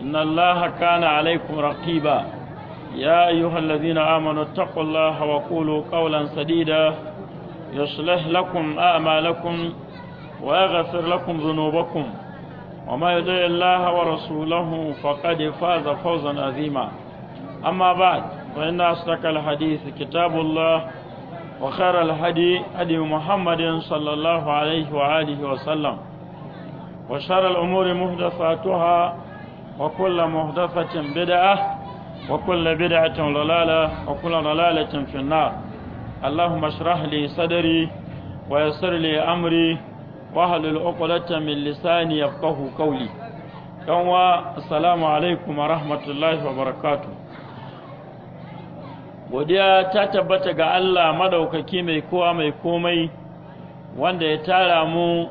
إن الله كان عليكم رقيبا يا أيها الذين آمنوا اتقوا الله وقولوا قولا سديدا يصلح لكم أعمالكم ويغفر لكم ذنوبكم وما يدع الله ورسوله فقد فاز فوزا عظيما أما بعد فإن أصدق الحديث كتاب الله وخير الهدي هدي محمد صلى الله عليه وآله وسلم وشر الأمور محدثاتها وكل محدثة بدعة وكل بدعة ضلالة وكل ضلالة في النار اللهم اشرح لي صدري ويسر لي أمري واحلل عقدة من لساني يفقه قولي يوم السلام عليكم ورحمة الله وبركاته godiya ta tabbata ga Allah madaukaki mai kowa mai komai wanda ya tara mu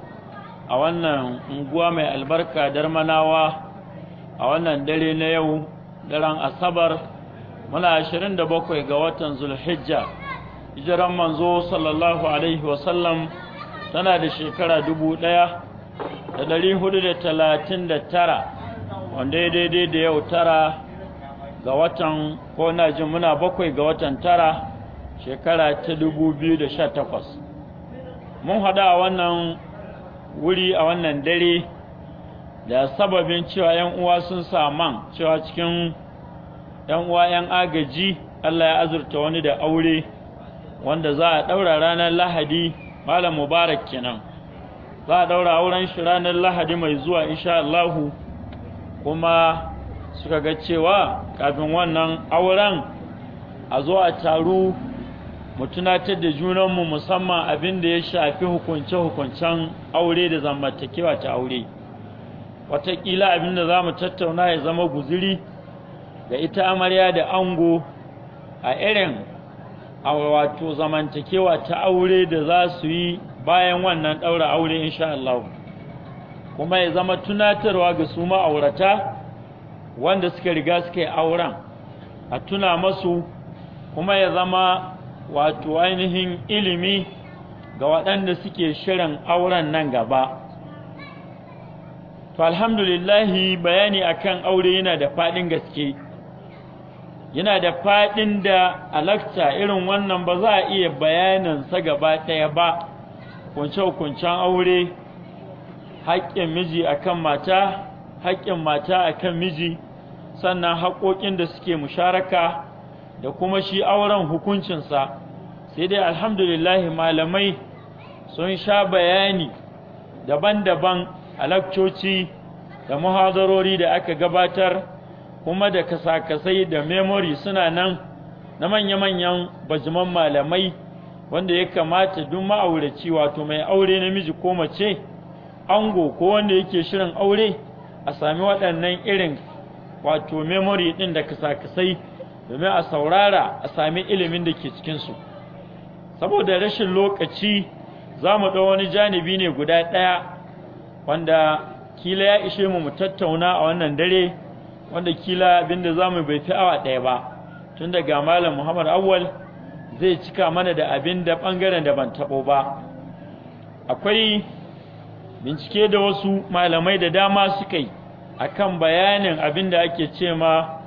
a wannan unguwa mai albarka darmanawa a wannan dare na yau daren asabar muna 27 ga watan zulhijja hijiran manzo sallallahu alaihi wasallam tana da shekara 1439 wanda daidai da yau tara ga watan ko na ji muna bakwai ga watan tara shekara ta 2018 mun a wannan wuri a wannan dare da sababin cewa ‘yan uwa sun saman cewa cikin ‘yan uwa ‘yan agaji Allah ya azurta wani da aure wanda za a ɗaura ranar lahadi malam mubarak kenan za a ɗaura auren shi ranar lahadi mai zuwa insha Allah kuma suka ga cewa kafin wannan auren a zo a taru mu tunatar da junanmu musamman abin da ya shafi hukunce-hukuncen aure da zamantakewa ta aure. Wataƙila abin da za mu tattauna ya zama guziri da ita amarya da ango a irin a wato zamantakewa ta aure da za su yi bayan wannan ɗaura aure insha Allah kuma ya zama tunatarwa ga su ma'aurata wanda suka riga suka yi auren a tuna masu kuma ya zama wato ainihin ilimi ga waɗanda suke shirin auren nan gaba to alhamdulillahi bayani akan aure yana da faɗin gaske yana da faɗin da a alakta irin wannan ba za a iya bayanansa gaba ɗaya ba kunce-kuncen aure haƙƙin miji akan mata haƙƙin mata akan miji sannan haƙoƙin da suke musharaka da kuma shi auren hukuncinsa sai dai alhamdulillahi malamai sun sha bayani daban-daban a lakcoci da muhazarori da aka gabatar kuma da kasakasai da memory suna nan na manya-manyan bajiman malamai wanda ya kamata duk ma'auraci wato mai aure namiji ko mace ango ko wanda yake shirin aure a sami waɗannan irin wato memory ɗin da kasakasai domin a saurara a sami ilimin da ke cikinsu saboda rashin lokaci za mu ɗau wani janibi ne guda ɗaya wanda kila ya ishe mu mu tattauna a wannan dare wanda kila abinda zamu bai fi awa ɗaya ba tun daga malam Muhammad Awwal zai cika mana da abinda bangaren da ban tabo ba akwai bincike da wasu malamai da dama suka yi akan bayanin abin da ake cema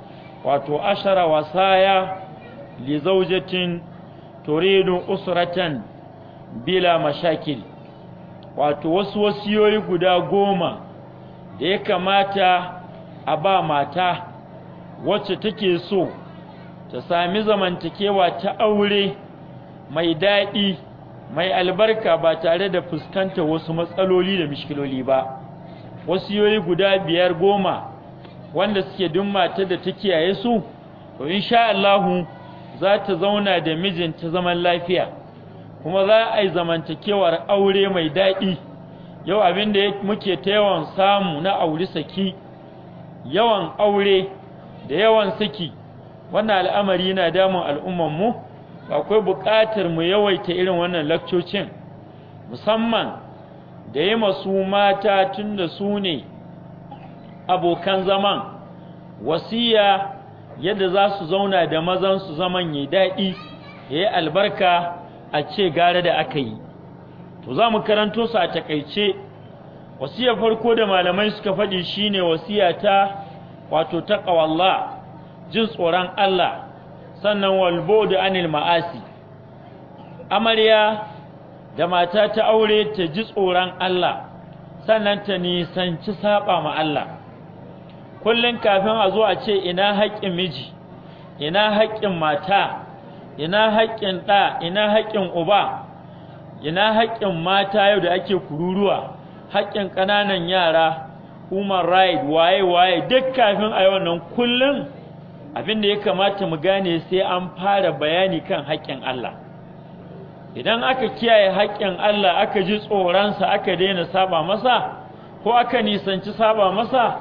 wato ashara wasaya li zaujatin turidu usratan bila mashakil wato wasu wasiyoyi guda goma da ya kamata a ba mata wacce take so ta sami zamantakewa ta aure mai daɗi mai albarka ba tare da fuskanta wasu matsaloli da mishkiloli ba wasiyoyi guda biyar goma wanda suke duk mata da ta kiyaye su to insha Allahu za ta zauna da mijinta zaman lafiya kuma za a yi zamantakewar aure mai daɗi yau abin da muke ta yawan samu na aure saki yawan aure da yawan saki wannan al'amari yana damun al'ummanmu akwai buƙatar mu yawaita irin wannan lakcocin musamman da yi masu mata tun da su ne abokan zaman wasiya yadda za su zauna da mazan su zaman ya daɗi ya yi albarka a ce gare da aka yi to za mu karanto su a takaice wasiyar farko da malamai suka faɗi shine wasiya ta wato ƙawalla jin tsoron Allah sannan walboda anil ma'asi amarya da mata ta aure ta ji tsoron Allah sannan ta nisanci saba ma Allah Kullum kafin a zo a ce ina haƙƙin miji ina haƙƙin mata ina haƙƙin ɗa ina haƙƙin uba ina haƙƙin mata yau da ake kururuwa haƙƙin ƙananan yara human right waye waye duk kafin a yi wannan kullum abin da ya kamata mu gane sai an fara bayani kan haƙƙin Allah idan aka kiyaye haƙƙin Allah aka ji tsoronsa aka daina saba masa ko aka nisanci saba masa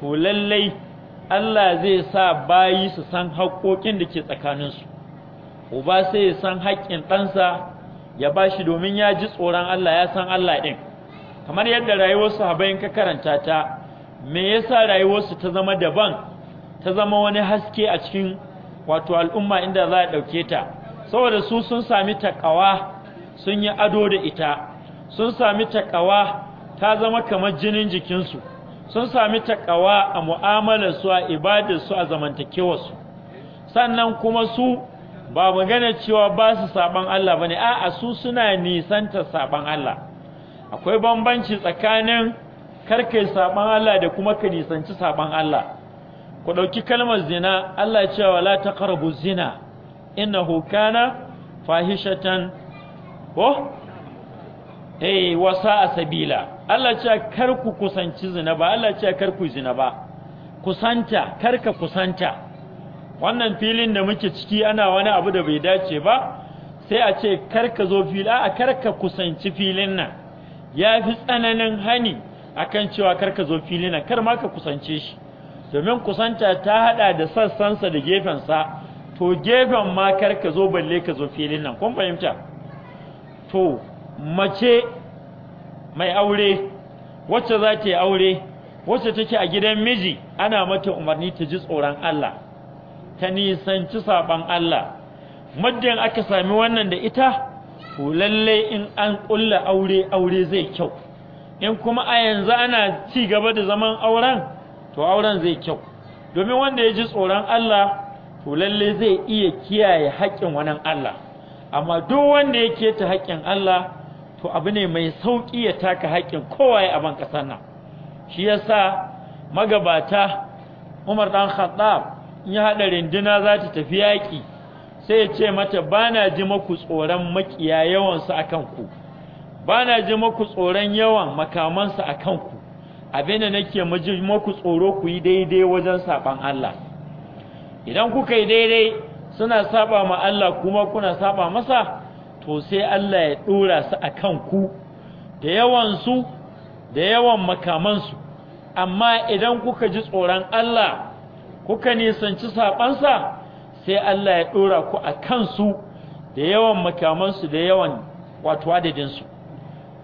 to lallai Allah zai sa bayi su san haƙƙoƙin da ke tsakaninsu uba sai ya san haƙƙin ɗansa ya ba shi domin ya ji tsoron Allah ya san Allah ɗin kamar yadda rayuwar sahabai ka karanta ta me yasa rayuwarsu ta zama daban ta zama wani haske a cikin wato al'umma inda za a ɗauke ta saboda su sun sami taƙawa sun yi ado da ita sun sami taƙawa ta zama kamar jinin jikinsu sun sami taƙawa a mu'amalarsu a ibadarsu a zamantakewarsu sannan kuma su ba magana cewa ba su saban Allah ba ne. a'a su suna nisanta saban Allah akwai bambanci tsakanin karkai saban Allah da kuma ka nisanci saban Allah ku ɗauki kalmar zina Allah ya ce wala taqrabu zina innahu kana fahishatan ko eh wasa a sabila Allah ce kar ku kusanci zina ba Allah ce kar ku zina ba kusanta kar ka kusanta wannan filin da muke ciki ana wani abu da bai dace ba sai a ce karka zo fili a karka kusanci filin nan ya fi tsananin hani akan cewa karka zo filin nan kar ma ka kusance shi domin kusanta ta hada da sassansa da gefensa to gefen ma karka zo balle ka zo filin nan kun fahimta to mace mai aure wacce za ta yi aure wacce take a gidan miji ana mata umarni ta ji tsoron Allah ta nisanci saban Allah muddin aka sami wannan da ita to lalle in an ƙulla aure aure zai kyau in kuma a yanzu ana ci gaba da zaman auren to auren zai kyau domin wanda ya ji tsoron Allah to lalle zai iya kiyaye haƙƙin wannan Allah amma duk wanda ya keta haƙƙin Allah to abu ne mai sauƙi ya taka haƙƙin kowa a aban ƙasar nan shi yasa magabata Umar ɗan Khattab in ya haɗa rinduna za ta tafi yaƙi sai ya ce mata ba na ji maku tsoron makiya yawansu a kanku ba na ji maku tsoron yawan makamansu a kanku abin da nake maji maku tsoro ku yi daidai wajen saɓan Allah idan kuka yi daidai suna saɓa ma Allah kuma kuna saɓa masa to sai Allah ya ɗora su a kanku da yawansu da yawan makamansu amma idan kuka ji tsoron Allah kuka nisanci saɓansa sai Allah ya ɗora ku a kansu da yawan makamansu da yawan wato adadinsu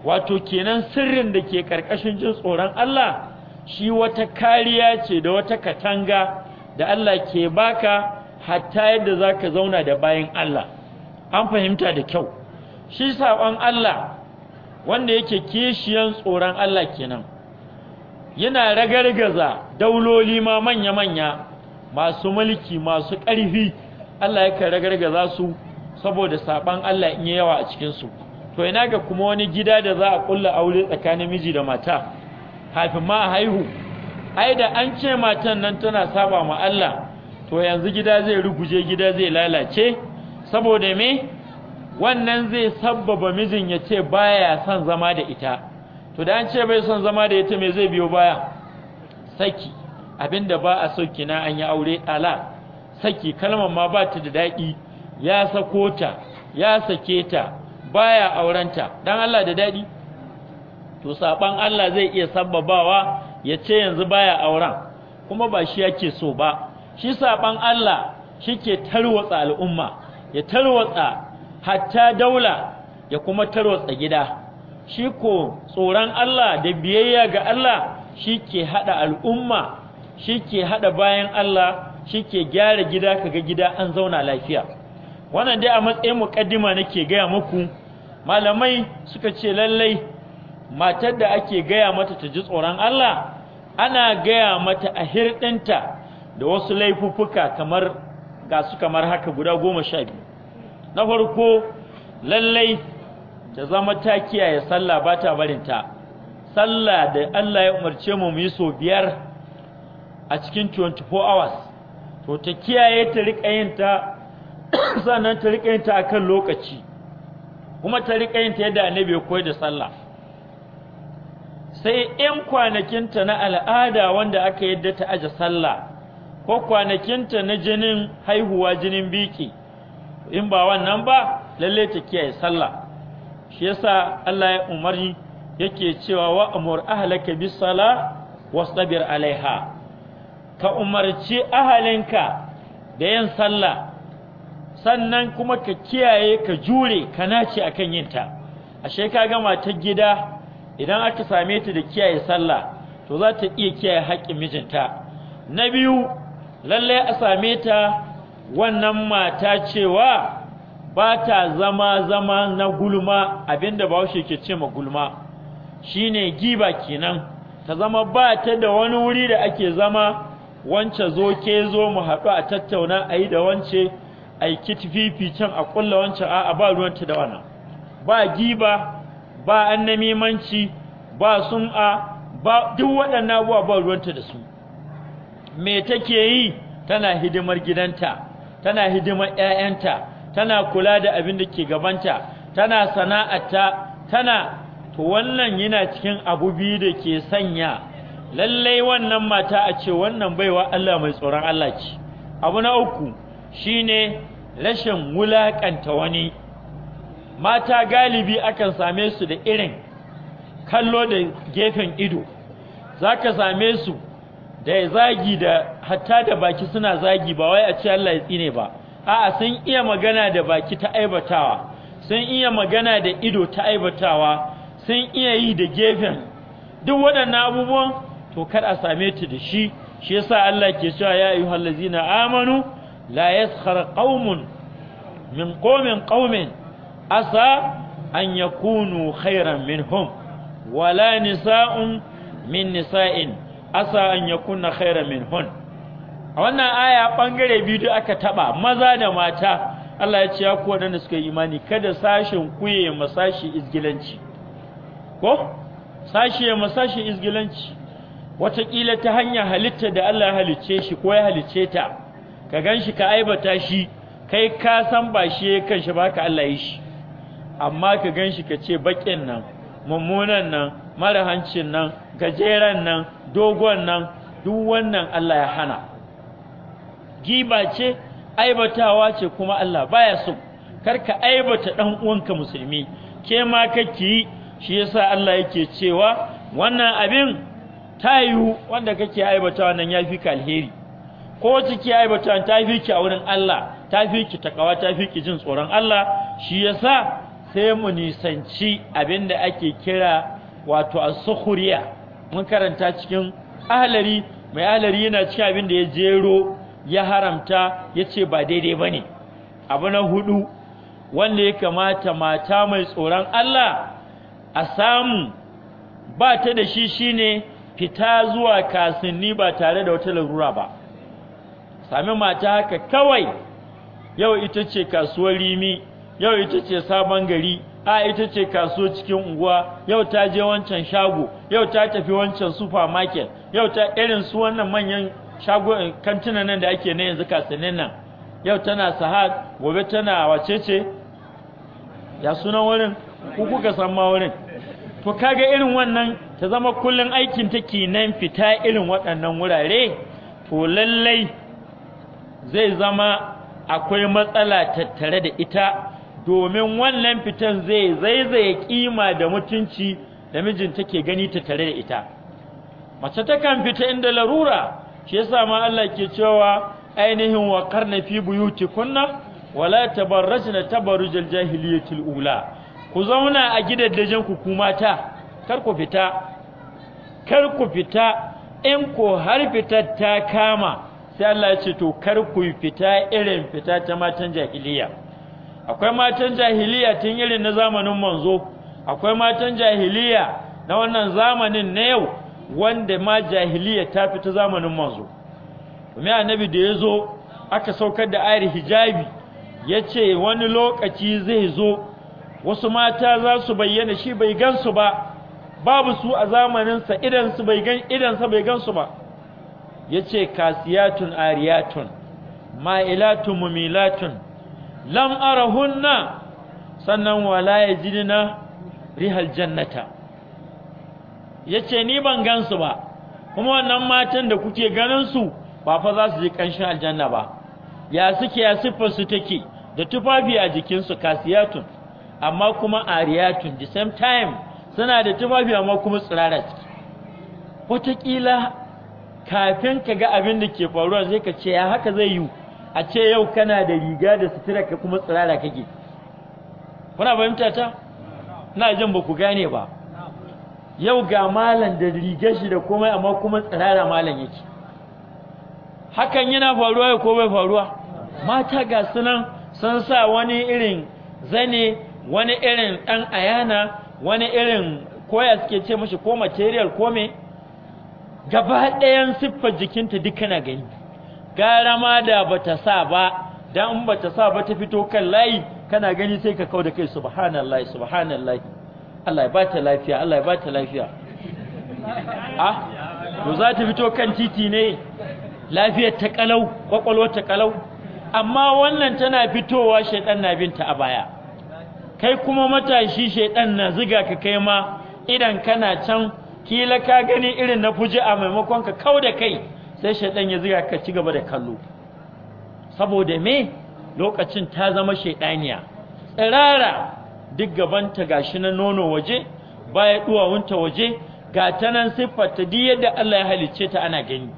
wato kenan sirrin da ke ƙarƙashin jin tsoron Allah shi wata kariya ce da wata katanga da Allah ke baka hatta yadda za ka zauna da bayan Allah an fahimta da kyau shi saɓon Allah wanda yake kishiyan tsoron Allah kenan yana ragargaza dauloli ma manya-manya masu mulki masu ƙarfi Allah ya kan ragargaza su saboda saban Allah in yawa a cikin su to ina ga kuma wani gida da za a kulla aure tsakanin miji da mata kafin ma haihu ai da an ce matan nan tana saba ma Allah to yanzu gida zai ruguje gida zai lalace saboda me wannan zai sabbaba mijin ya ce baya son zama da ita to da an ce bai son zama da ita me zai biyo baya saki abinda ba a so na an yi aure ala saki kalmar ma ba ta da daɗi ya sako ta ya sake ta baya aurenta dan Allah da daɗi to saban Allah zai iya sababawa ya ce yanzu baya auren kuma ba shi yake so ba shi saban Allah shike tarwatsa al'umma ya tarwatsa hatta daula ya kuma tarwatsa gida shi ko tsoron Allah da biyayya ga Allah shi ke haɗa al'umma shi ke haɗa bayan Allah shi ke gyara gida kaga gida an zauna lafiya wannan dai a matsayin muƙaddima nake gaya muku malamai suka ce lallai matar da ake gaya mata ta ji tsoron Allah ana gaya mata a hirɗinta da wasu laifuffuka kamar ga su kamar haka guda goma sha biyu na farko lallai ta zama ta kiyaye sallah ba ta barinta sallah da Allah ya umarce mu mu yi sau biyar a cikin 24 hours to ta kiyaye ta riƙa yin ta sannan ta riƙa yin ta akan lokaci kuma ta riƙa yin ta yadda annabi ya koyar da sallah sai kwanakin ta na al'ada wanda aka yadda ta aje sallah ko kwanakin ta na jinin haihuwa jinin biki in ba wannan ba lalle ta kiyaye sallah shi yasa Allah ya umarni yake cewa wa amur ahlaka bis sala wastabir alaiha ka umarci ahalinka da yin sallah sannan kuma ka kiyaye ka jure ka nace akan ta ashe ka ga mata gida idan aka same ta da kiyaye sallah to za ta iya kiyaye haƙƙin mijinta na biyu lallai a same ta wannan mata cewa ba ta zama zama na gulma abinda bahaushe ke ce ma gulma shine giba kenan ta zama ba ta da wani wuri da ake zama wance zo ke zo mu haɗu a tattauna a yi da wance a yi kitififi can a ƙulla wancan a ba ruwanta da wannan ba giba ba an mimanci, ba sum'a ba duk waɗannan abubuwa ba ruwanta da su me take yi tana hidimar gidanta tana hidimar 'ya'yanta, tana kula da abin da ke gabanta tana sana'arta tana to wannan yana cikin abu biyu da ke sanya lallai wannan mata a ce wannan baiwa Allah mai tsoron Allah ce abu na uku shine rashin wulakanta wani mata galibi akan same su da irin kallo da gefen ido zaka same su da zagi da hatta da baki suna zagi ba wai a ce Allah ya tsine ba a'a sun iya magana da baki ta aibatawa sun iya magana da ido ta aibatawa sun iya yi da gefen duk waɗannan abubuwan to kar a same ta da shi shi yasa Allah ke cewa ya ayu ladzina amanu la yaskhara qaumun min qaumin qaumin asa an yakunu khairan minhum wala nisa'un min nisa'in asa an yakuna khairan minhun a wannan aya bangare biyu da aka taba maza da mata Allah ya ce ya ku wadanda suka yi imani kada sashen kuye masashi izgilanci ko sashi masashi izgilanci wataƙila ta hanyar halitta da Allah halicce shi ko ya halicce ta ka gan shi ka aibata shi kai ka san ba shi kan shi baka Allah yi shi amma ka gan shi ka ce baƙin nan mummunan nan mara hancin nan gajeren nan dogon nan duk wannan Allah ya hana giba ce aibatawa ce kuma Allah baya so ka aibata dan uwanka musulmi ke ma kake yi shi yasa Allah yake cewa wannan abin ta yiwu wanda kake aibata wannan ya fi ka alheri ko ciki ke aibata ta fi ki a wurin Allah ta fi ki takawa ta fi ki jin tsoron Allah shi yasa sai mu nisanci abinda ake kira wato as-sukhriya mun karanta cikin ahlari mai ahlari yana cikin abin da ya jero ya haramta ya ce ba daidai bane abu na hudu wanda ya kamata mata mai tsoron Allah a samu ba ta da shi shine fita zuwa kasinni ba tare da wata larura ba sami mata haka kawai yau ita ce kasuwar rimi yau ita ce sabon gari a ita ce kasuwar cikin unguwa yau ta je wancan shago yau ta tafi wancan supermarket yau ta irin su wannan manyan shago eh, kantuna nan da ake na yanzu kasannin nan yau tana sahad gobe tana wacece ya sunan wurin ku kuka san ma wurin to kaga irin wannan ta zama kullum aikin take nan fita irin waɗannan wurare to lallai zai zama akwai matsala tattare da ita domin wannan fitan zai zaizaye kima da mutunci da mijin take gani tattare da ita mace takan fita inda larura shi yasa ma Allah ke cewa ainihin wa karna fi buyutikunna wala tabarrajna tabarrujal jahiliyatil ula ku zauna a gidajen ku kuma mata kar ku fita kar fita in ko har fita ta kama sai Allah ya ce to kar ku fita irin fita ta matan jahiliya akwai matan jahiliya tun irin na zamanin manzo akwai matan jahiliya na wannan zamanin na yau wanda ma jahiliya ta fita zamanin manzo kuma annabi da ya zo aka saukar da ayar hijabi yace wani lokaci zai zo wasu mata za su bayyana shi bai gansu ba babu su a zamaninsa idansu bai gan idansa bai su ba yace kasiyatun ariyatun ma'ilatun mumilatun lam arahunna sannan wala yajidna rihal jannata yace ni ban gan su ba kuma wannan matan da kuke ganin su ba fa za su je kanshin aljanna ba ya suke ya siffar su take da tufafi a jikinsu kasiyatun amma kuma ariyatun the same time suna da tumafi amma kuma tsirara ciki wataƙila kafin ka ga abin da ke faruwa sai ka ce ya haka zai yiwu a ce yau kana da riga da sutura ka kuma tsirara kake kuna fahimta ta na jin ba ku gane ba yau ga malam da rigar shi da komai amma kuma tsirara malam yake hakan yana faruwa ya ko faruwa mata ga sunan sun sa wani irin zane wani irin ɗan ayana wani irin koya suke ce mashi ko material ko me gaba ɗayan siffar jikinta duk kana gani gara ma da bata sa ba dan in bata sa ba ta fito kan layi kana gani sai ka kauda kai Subhanallah. Subhanallah. Allah ya bata lafiya Allah ya bata lafiya a ah, to za ta fito kan titi ne lafiyar ta kalau kwakwalwar ta kalau amma wannan tana fitowa shaidan na binta a baya kai kuma matashi shaidan na ziga ka kai ma idan kana can kila ka gani irin na fuji a maimakon ka kau da kai sai shaidan ya ziga ka ci gaba da kallo saboda me lokacin ta zama shaidaniya tsirara duk gabanta gashi na nono waje baya duwawunta waje ga ta nan siffar ta yadda Allah ya halicce ta ana gani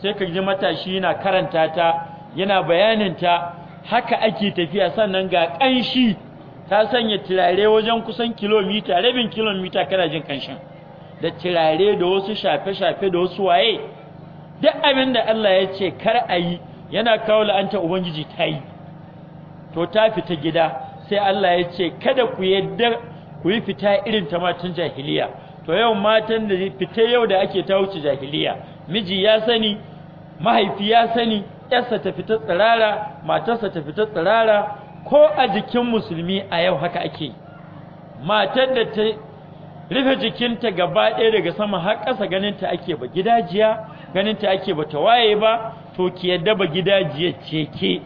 sai ka ji matashi yana karanta ta yana bayanin ta haka ake tafiya sannan ga ƙanshi ta sanya tirare wajen kusan kilomita rabin kilomita kana jin kanshin da tirare da wasu shafe-shafe da wasu waye duk abin da Allah ya ce kar a yi yana kawo la'anta ubangiji ta yi to ta fita gida sai Allah ya ce kada ku yadda ku yi fita irin ta matan jahiliya to yau matan da fita yau da ake ta wuce jahiliya miji ya sani mahaifi ya sani yarsa ta fita tsirara matarsa ta fita tsirara ko a jikin musulmi a yau haka ake matar da ta rufe jikinta gaba ɗaya daga sama har ƙasa ganinta ake ba gidajiya ganinta ake ba ta waye ba to ki yadda ba gidajiya ce ke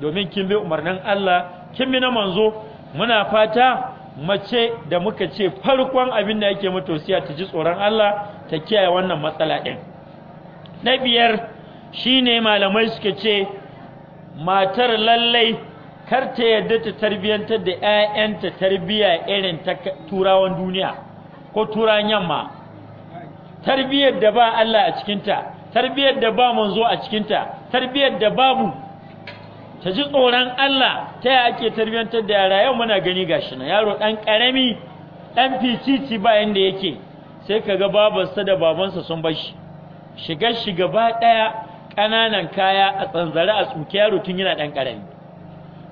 domin kin bi umarnin Allah kin bi na manzo muna fata mace da muka ce farkon abin da yake mata wasiya ta ji tsoron Allah ta kiyaye wannan matsala ɗin na biyar shine malamai suka ce matar lallai kar ta yadda ta tarbiyantar da 'ya'yanta tarbiya irin ta turawan duniya ko turan yamma tarbiyar da ba Allah a cikinta tarbiyar da ba manzo a cikinta tarbiyar da babu ta ji tsoron Allah ta yaya ake tarbiyantar da yara yau muna gani gashi na yaro ɗan karami dan ficici ba yanda yake sai kaga babansa da babansa sun bar shi shigar shi gaba daya ƙananan kaya a tsanzare a tsuke yaro tun yana ɗan karami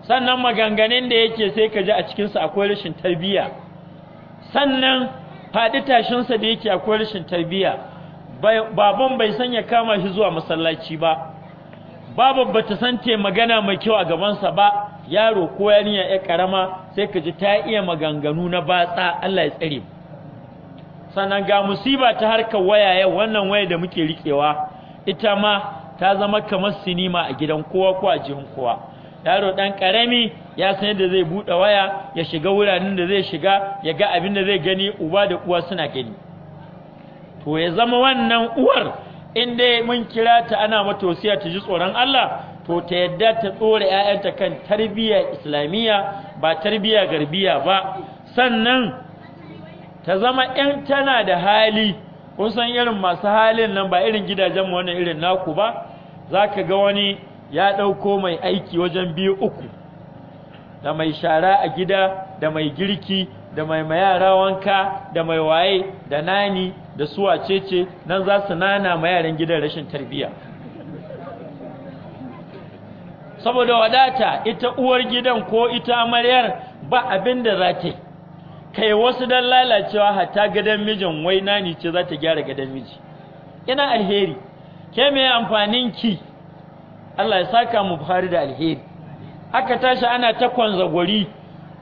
sannan maganganun da yake sai ka ji a cikinsa akwai rashin tarbiyya sannan faɗi tashinsa da yake akwai rashin tarbiyya baban bai san ya kama shi zuwa masallaci ba baban bata san te magana mai kyau a gabansa ba yaro ko yarinya ya karama sai ka ji ta iya maganganu na batsa Allah ya tsare sannan ga musiba ta harkar waya yau wannan waya da muke riƙewa, ita ma ta zama kamar sinima a gidan kowa ko a jihun kowa yaro ɗan ƙarami ya san yadda zai buɗe waya ya shiga wuraren da zai shiga ya ga abin da zai gani uba da uwa suna gani to ya zama wannan uwar in dai mun kira ta ana mata ta ji tsoron Allah to ta yadda ta tsora ƴaƴanta kan tarbiyya islamiyya ba tarbiyya garbiya ba sannan ta zama in tana da hali kun san irin masu halin nan ba irin gidajen mu wannan irin naku ba zaka ga wani ya ɗauko mai aiki wajen biyu uku da mai shara a gida da mai girki da mai mayara wanka da mai waye da nani da suwacece nan za su nana ma gidan rashin tarbiyya saboda wadata ita uwar gidan ko ita amaryar ba abin da za ta yi kai wasu don lalacewa hatta gadon mijin wai nani ce za ta gyara gadon miji ina alheri ke mai amfanin ki Allah ya saka mu Buhari da alheri aka tashi ana ta gwari,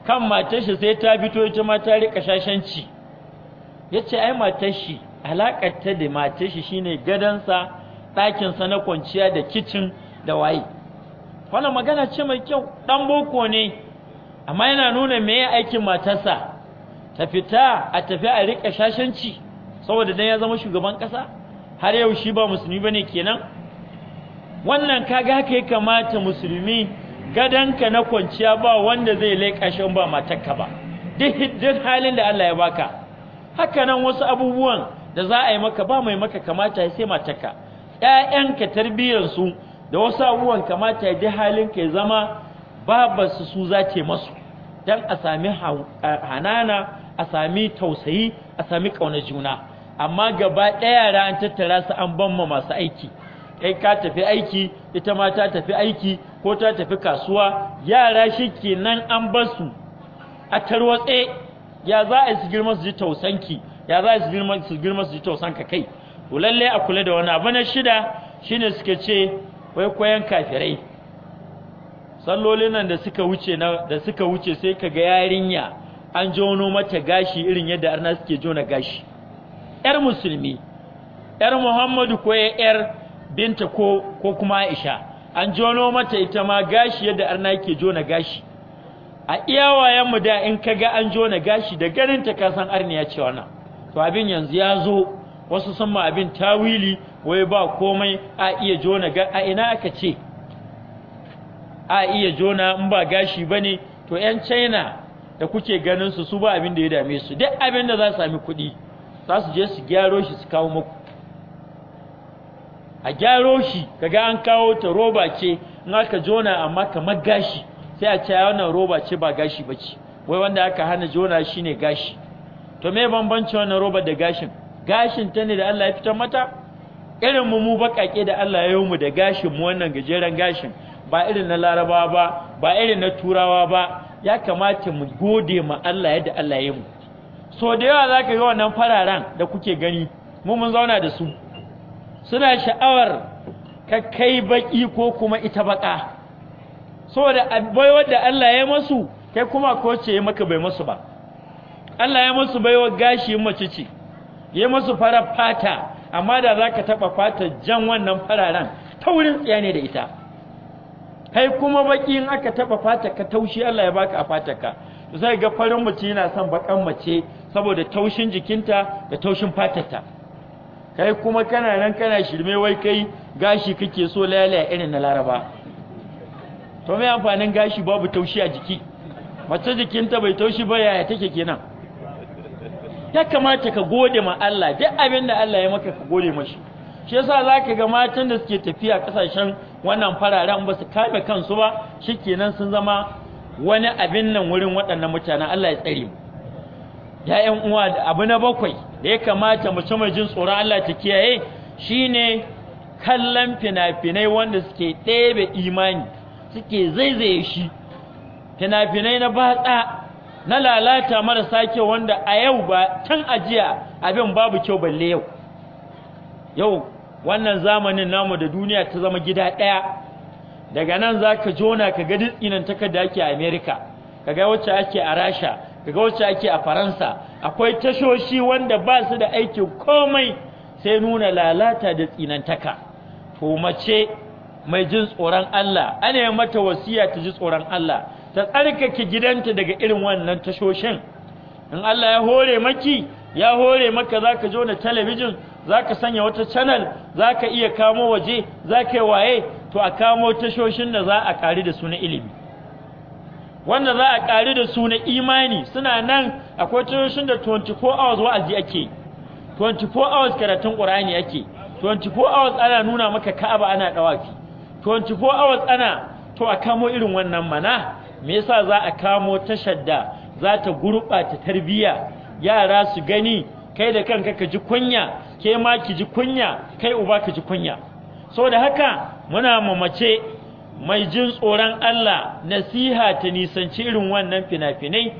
kan matar shi sai ta fito ita ma ta rika shashanci yace ai matar shi alakar ta da matar shi shine gadansa ɗakin sa na kwanciya da kitchen da waye wannan magana ce mai kyau dan boko ne amma yana nuna me aikin matarsa ta fita a tafi a rika shashanci saboda dan ya zama shugaban ƙasa, har yau shi ba musulmi bane kenan wannan kaga haka ya kamata musulmi ka na kwanciya ba wanda zai leƙa shan ba matakka ba duk halin da Allah ya baka haka nan wasu abubuwan da za a yi maka ba mai maka kamata ya sai matakka Ya'yanka tarbiyyarsu da wasu abubuwan kamata ya ji halin ka ya zama babarsu su za ce masu don a sami hanana a sami tausayi a sami ƙaunar juna amma gaba ɗaya yara an tattara su an ban ma masu aiki kai ka tafi aiki ita ma ta tafi aiki ko ta tafi kasuwa yara shi shikenan an basu a tarwatse ya za a su girma su ji tausanki ya za a su girma su girma su ji tausanka kai to lalle a kula da wani abu na shida shine suke ce wai koyan kafirai sallolin nan da suka wuce da suka wuce sai kaga yarinya an jono mata gashi irin yadda arna suke jona gashi yar musulmi yar muhammadu ko yar binta ko ko kuma Aisha an jono mata ita ma gashi yadda arna yake jona gashi a iyawayen mu da in kaga an jona gashi da ganin ta ka san arniya ce wannan to abin yanzu ya zo wasu san ma abin tawili wai ba komai a iya jona ga a ina aka ce a iya jona in ba gashi bane to yan China da kuke ganin su su ba abin da ya dame su duk abin da za su sami kuɗi za su je su gyaro shi su kawo muku a gyaro shi kaga an kawo ta roba ce in aka jona amma kamar gashi sai a cewa wannan roba ce ba gashi bace wai wanda aka hana jona shine gashi to me bambancin wannan roba da gashin gashin ta ne da Allah ya fitar mata irin mu mu bakake da Allah ya yi mu da gashin mu wannan gajeren gashin ba irin na larabawa ba ba irin na turawa ba ya kamata mu gode ma Allah yadda Allah ya yi mu so da yawa zaka ga wannan fararen da kuke gani mu mun zauna da su suna sha'awar ka kai baki ko kuma ita baka saboda baiwar da Allah ya masu kai kuma ko ce maka bai masu ba Allah ya masu baiwar gashi mace ce ya masu farar fata amma da zaka taba fata jan wannan fararen taurin tsiya ne da ita kai kuma baki in aka taba fata ka taushi Allah ya baka a fataka ka to sai ga farin mace yana son bakan mace saboda taushin jikinta da taushin fatarta kai kuma kana nan kana shirme wai kai gashi kake so lalaya irin na laraba to me amfanin gashi babu taushi a jiki mace jikinta bai taushi ba yaya take kenan ya kamata ka gode ma Allah duk abin da Allah ya maka ka gode mashi shi yasa zaka ga matan da suke tafiya kasashen wannan fararen ba su kame kansu ba shikenan sun zama wani abin nan wurin waɗannan mutanen Allah ya tsare mu ya yan uwa abu na bakwai da ya kamata mutum jin tsoron Allah ta kiyaye shine kallon fina-finai wanda suke ɗebe imani suke zaizaye shi fina-finai na batsa na lalata marasa kyau wanda a yau ba can ajiya abin babu kyau balle yau yau wannan zamanin namu da duniya ta zama gida ɗaya daga nan za ka jona ka ga ditsinan takarda ake a amerika ka ga wacce ake a rasha kaga wacce ake a faransa akwai tashoshi wanda ba su da aikin komai sai nuna lalata da tsinantaka to mace mai jin tsoron Allah ana yi mata wasiya ta ji tsoron Allah ta tsarkake gidanta daga irin wannan tashoshin in Allah ya hore maki ya hore maka zaka ka na talabijin zaka sanya wata channel zaka iya kamo waje zaka yi waye to a kamo tashoshin da za a kare da su na ilimi wanda za a ƙari da su na imani suna nan akwai tashoshin da 24 hours wa'azi ake 24 hours karatun ƙur'ani ake 24 hours ana nuna maka ka'aba ana ɗawaki. 24 hours ana to a kamo irin wannan mana me yasa za a kamo tashar da za ta gurɓata tarbiyya yara su gani kai da kanka ka ji kunya ke ma ki ji kunya kai uba ka ji kunya so da haka muna mamace mai jin tsoron Allah nasiha ta nisanci irin wannan fina-finai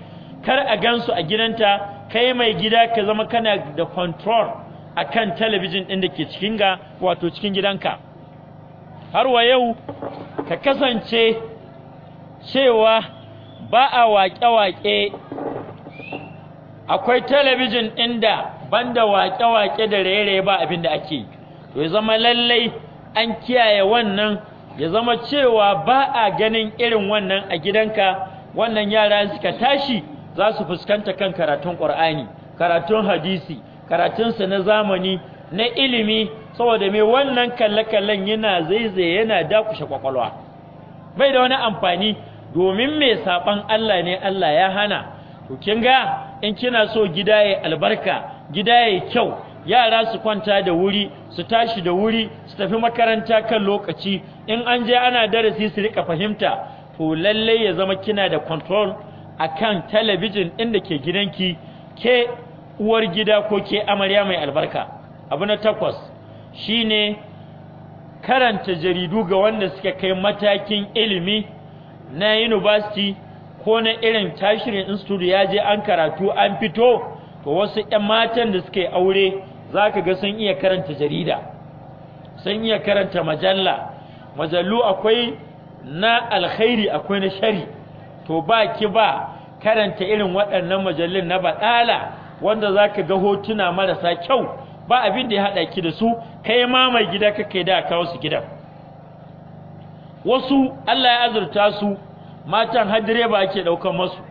kar a gansu a gidanta kai mai gida ka zama kana da control akan talabijin ɗin da ke cikin ga wato cikin gidanka har wa yau ka kasance cewa ba a waƙe-waƙe akwai talabijin inda banda waƙe-waƙe da raye-raye ba abin da ake to ya zama lallai an kiyaye wannan ya zama cewa ba a ganin irin wannan a gidanka wannan yara suka tashi za su fuskanta kan karatun ƙur'ani karatun hadisi karatunsa na zamani na ilimi saboda mai wannan kalle-kallen yana zaizaye yana dakushe kwakwalwa bai da wani amfani domin mai saɓon Allah ne Allah ya hana to kin ga in kina so gida yayi albarka gida yayi kyau yara su kwanta da wuri su tashi da wuri su tafi makaranta kan lokaci in an je ana darasi su rika fahimta to lallai ya zama kina da control akan talabijin ɗin da ke gidanki ke uwar gida ko ke amarya mai albarka abu na takwas shine karanta jaridu ga wanda suka kai matakin ilimi na university ko na irin tashirin institute ya je an karatu an fito to wasu 'yan matan da suka yi aure za ka ga sun iya karanta jarida sun iya karanta majalla majallu akwai na alkhairi akwai na shari to ba ki ba karanta irin waɗannan majallun na baɗala wanda za ka ga hotuna marasa kyau ba abin da ya haɗa ki da su kai ma mai gida ka kai da kawo su gidan wasu Allah ya azurta su matan har direba ake ɗaukan masu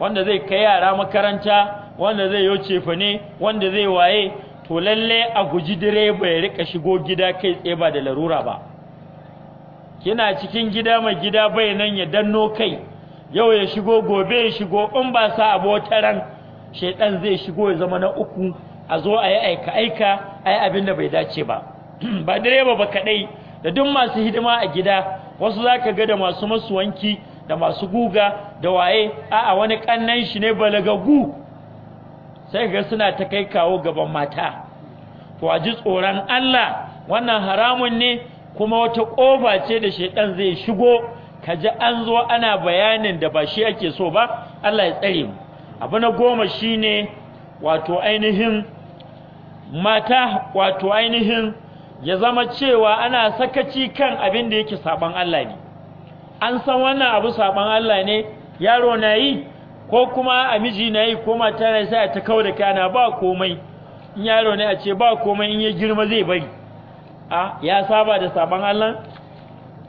wanda zai kai yara makaranta wanda zai yi cefa ne wanda zai waye to lalle a guji direba ya rika shigo gida kai tsaye ba da larura ba kina cikin gida mai gida bai nan ya danno kai yau ya shigo gobe ya shigo in ba sa abota ran shedan zai shigo ya zama na uku a zo a yi aika aika a yi abin da bai dace ba ba direba ba kaɗai, da duk masu hidima a gida wasu za ka ga da masu masu wanki da masu guga da waye a'a wani ƙannan shi ne balagagu sai ga suna ta kai kawo gaban mata to a ji tsoron Allah wannan haramun ne kuma wata ƙofa ce da shaidan zai shigo ka ji an zo ana bayanin da ba shi ake so ba Allah ya tsare mu abu na goma shine wato ainihin mata wato ainihin ya zama cewa ana sakaci kan abin da yake saban Allah ne an san wannan abu saban Allah ne yaro na yi ko kuma a miji na yi ko mata na sai ta kawo da kana ba komai in yaro ne a ce ba komai in ya girma zai bari a ya saba da sabon Allah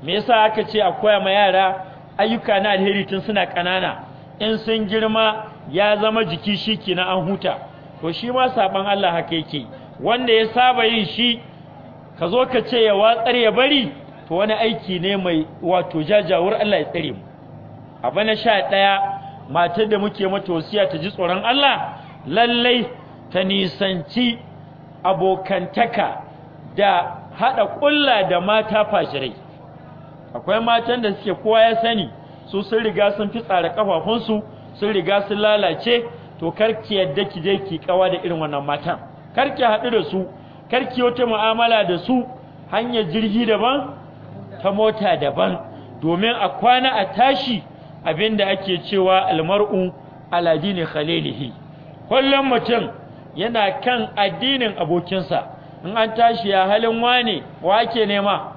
me yasa aka ce a koya ma yara ayyuka na alheri tun suna kanana in sun girma ya zama jiki shi na an huta to shi ma sabon Allah haka yake wanda ya saba yin shi ka zo ka ce ya watsar ya bari to wani aiki ne mai wato jajawar Allah ya tsare mu abana sha ɗaya matar da muke mata wasiya ta ji tsoron Allah lallai ta nisanci abokantaka da hada kulla da mata fashirai akwai matan da suke kowa ya sani su sun riga sun fi tsare kafafunsu sun riga sun lalace to karki yadda ki je ki kawa da irin wannan matan ki haɗu da su kar karki wata mu'amala da su hanyar jirgi daban ta mota daban domin a kwana a tashi abinda ake cewa almar'u ala dini khalilihi kullum mutum yana kan addinin abokinsa in an tashi ya halin wane wa ake nema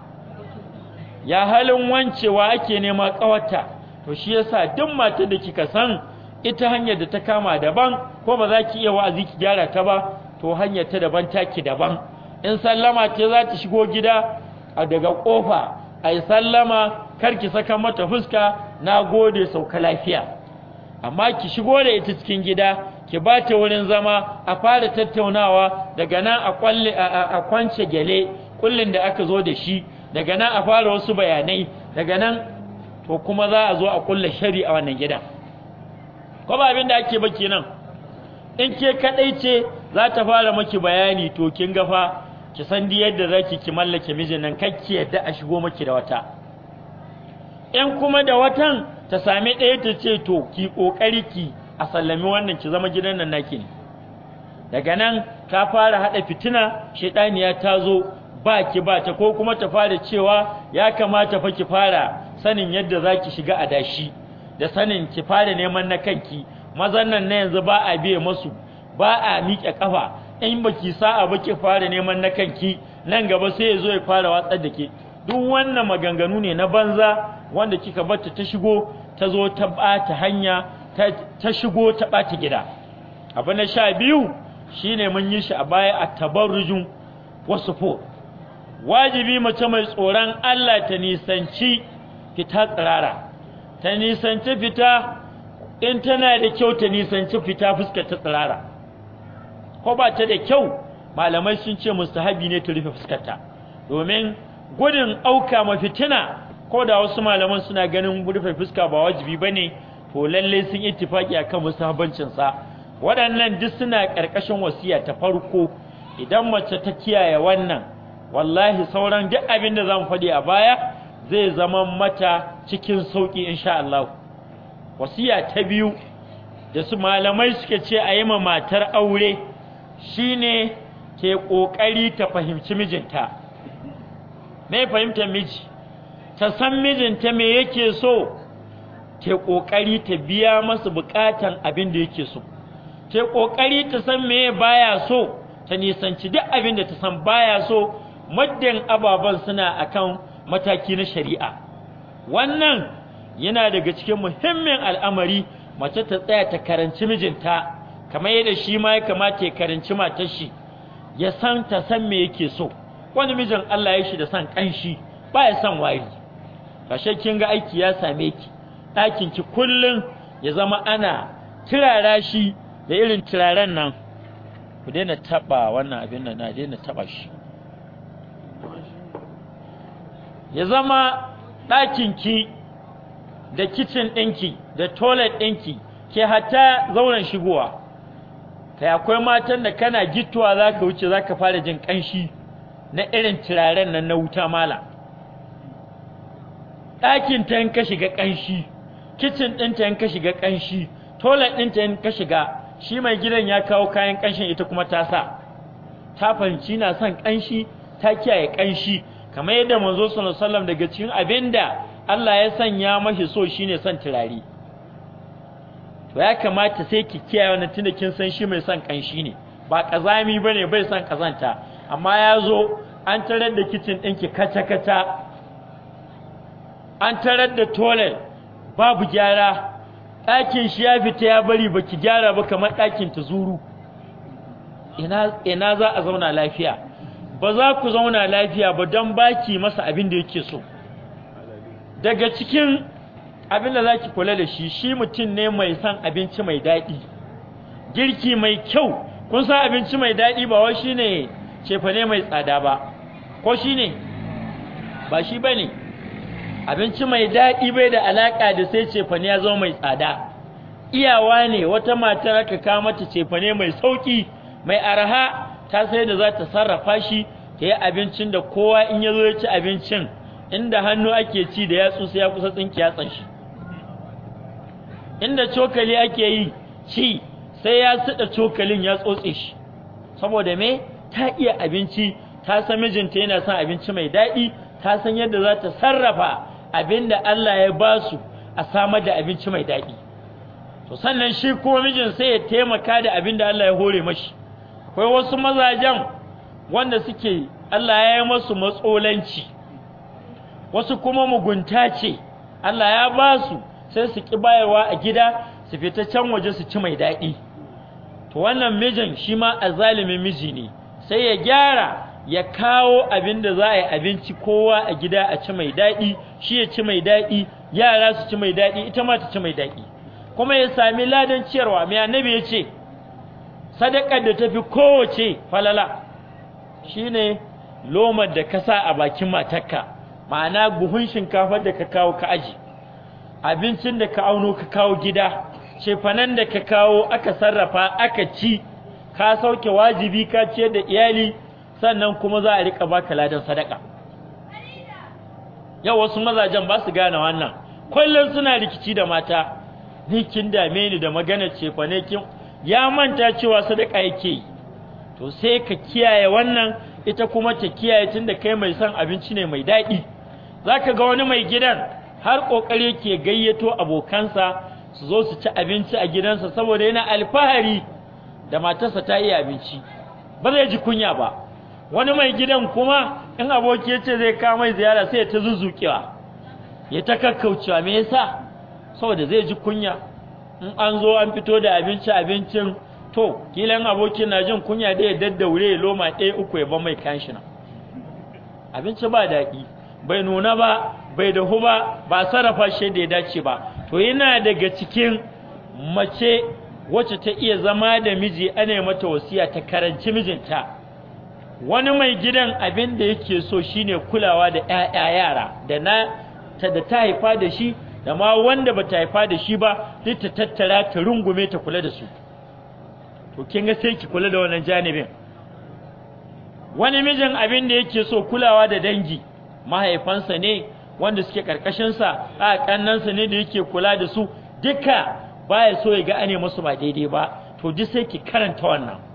ya halin wance wa ake nema ƙawarta, to shi yasa duk matar da kika san ita hanyar da ta kama daban ko ba za ki iya wa'azi ki gyara ta ba to hanyar ta daban taki daban in sallama ce za ta shigo gida a daga kofa ai sallama kar ki saka mata fuska na gode sauka lafiya amma ki shigo da ita cikin gida ki ba ta wurin zama a fara tattaunawa daga nan a kwance gele kullum da aka zo da shi daga nan a fara wasu bayanai daga nan to kuma za a zo a kulla shari a wannan gida. ko ba abin da ake ba kenan in ke kaɗai ce za ta fara maki bayani to kin gafa ki san yadda zaki ki mallake mijin nan kakki yadda a shigo maki da wata in kuma da watan ta sami ɗaya ta ce to ki ƙoƙari ki a sallami wannan ki zama gidan nan naki ne daga nan ta fara haɗa fitina shaidaniya ta zo ba ki ba ta ko kuma ta fara cewa ya kamata fa ki fara sanin yadda za ki shiga a dashi da sanin ki fara neman na kanki mazan nan na yanzu ba a biye masu ba a miƙe ƙafa in ba ki sa'a ba ki fara neman na kanki nan gaba sai ya zo ya fara watsar da ke duk wannan maganganu ne na banza wanda kika batta ta shigo ta zo ta bata hanya ta shigo ta bata gida abu na sha biyu shine mun yi shi a baya a tabarrujun wasu fo wajibi mace mai tsoron Allah ta nisanci fita tsirara ta nisanci fita in tana da kyau ta nisanci fita fuskar ta tsirara ko ba ta da kyau malamai sun ce mustahabi ne ta rufe fuskarta domin gudun auka mafitina ko da wasu malaman suna ganin rufe fuska ba wajibi ba ne, to lalle sun tufaƙi kan kan sa waɗannan duk suna ƙarƙashin wasiya ta farko idan mace ta kiyaye wannan wallahi sauran duk abin da zan faɗi a baya zai zama mata cikin sauƙi insha Allah wasiya ta biyu da su malamai suke ce a yi ma matar aure shine ke ƙoƙari ta fahimci mijinta me fahimtar miji ta san mijinta me yake so ta ƙoƙari ta biya masa bukatan abin da yake so ta ƙoƙari ta san me baya so ta nisanci duk abin da ta san baya so muddin ababen suna akan mataki na shari'a wannan yana daga cikin muhimmin al'amari mace ta tsaya ta karanci mijinta kamar yadda shi ma ya kamata ya karanci matar shi ya san ta san me yake so wani mijin Allah ya shi da san kanshi ba ya san wari kashe kin ga aiki ya same ki ɗakin ki kullum ya zama ana turara shi da irin turaren nan ku daina taɓa wannan abin nan na daina taɓa shi ya zama ɗakin ki da kicin ɗinki da toilet ɗinki ke hatta zauren shigowa kai akwai matan da kana gituwa za ka wuce za ka fara jin ƙanshi na irin turaren nan na wuta mala ɗakin ta yanka shiga ƙanshi kicin ɗin ta yanka shiga ƙanshi toilet ɗin ta yanka shiga shi mai gidan ya kawo kayan ƙanshin ita kuma ta sa ta fahimci na son ƙanshi ta kiyaye ƙanshi kamar yadda manzo sallallahu daga cikin abin da Allah ya sanya mashi so shine son turare to ya kamata sai ki kiyaye wannan tunda kin san shi mai son ƙanshi ne ba kazami ne, bai son ƙazanta. amma ya zo an tarar da kicin ɗinki kaca kaca an tarar da tole babu gyara ɗakin shi ya fita ya bari ba ki gyara ba kamar ɗakin ta zuru ina za a zauna lafiya ba za ku zauna lafiya ba don baki masa abin da yake so daga cikin abin da za ki kula da shi shi mutum ne mai son abinci mai daɗi girki mai kyau kun san abinci mai daɗi ba wai shine cefane mai tsada ba ko shi ne, ba shi ba ne. abinci mai daɗi bai da alaƙa da sai cefane ya zama mai tsada iyawa ne wata matar aka kawo mata cefane mai sauƙi mai araha ta sai da za ta sarrafa shi ta yi abincin da kowa in ya zo ya ci abincin inda hannu ake ci da yatsu sai ya kusa tsinki yatsan shi inda cokali ake yi ci sai ya suɗa cokalin ya tsotse shi saboda me ta iya abinci ta san mijinta yana son abinci mai daɗi ta san yadda za ta sarrafa abinda Allah ya ba su a samar da abinci mai daɗi to sannan shi kuma mijin sai ya taimaka da abin da Allah ya hore mashi akwai wasu mazajen wanda suke Allah ya yi masu matsolanci wasu kuma mugunta ce Allah ya ba su sai su ƙi bayarwa a gida su fita can waje su ci mai daɗi to wannan mijin shi ma azalimin miji ne sai ya gyara ya kawo abin da za a yi abinci kowa a gida a ci mai daɗi shi ya ci mai daɗi yara su ci mai daɗi ita ma ta ci mai daɗi kuma ya sami ladan ciyarwa mai annabi ya ce sadakar da tafi kowace falala shine lomar da ka sa a bakin matarka ma'ana buhun shinkafar da ka kawo ka aji abincin da ka auno ka kawo gida cefanen da ka kawo aka sarrafa aka ci ka sauke wajibi ka ciyar da iyali sannan kuma za a rika baka ladan sadaka yau wasu mazajen ba su gane wannan kullum suna rikici da mata ni kin dame ni da magana ce fa ne kin ya manta cewa sadaka yake to sai ka kiyaye wannan ita kuma ta kiyaye tunda kai mai son abinci ne mai daɗi zaka ga wani mai gidan har kokari yake gayyato abokansa su zo su ci abinci a gidansa saboda yana alfahari da matarsa ta iya abinci ba zai ji kunya ba wani mai gidan kuma in aboki yace zai kawo mai ziyara sai ta zuzukewa ya ta kakkaucewa me yasa saboda zai ji kunya in an zo an fito da abinci abincin to kilan aboki na jin kunya da ya daddaure ya loma ɗaya uku ya ba mai kanshi nan abinci ba daɗi bai nuna ba bai dahu ba ba sarrafa shi da ya dace ba to yana daga cikin mace wacce ta iya zama da miji ana mata wasiya ta karanci mijinta wani mai gidan abin da yake so shine kulawa da ƴaƴa yara da na ta da ta haifa da shi da ma wanda ba ta haifa da shi ba duk ta tattara ta rungume ta kula da su to kin ga sai ki kula da wannan janibin wani mijin abin da yake so kulawa da dangi mahaifansa ne wanda suke sa a kannansa ne da yake kula da su duka baya so ya ga ane musu ba daidai ba to duk sai ki karanta wannan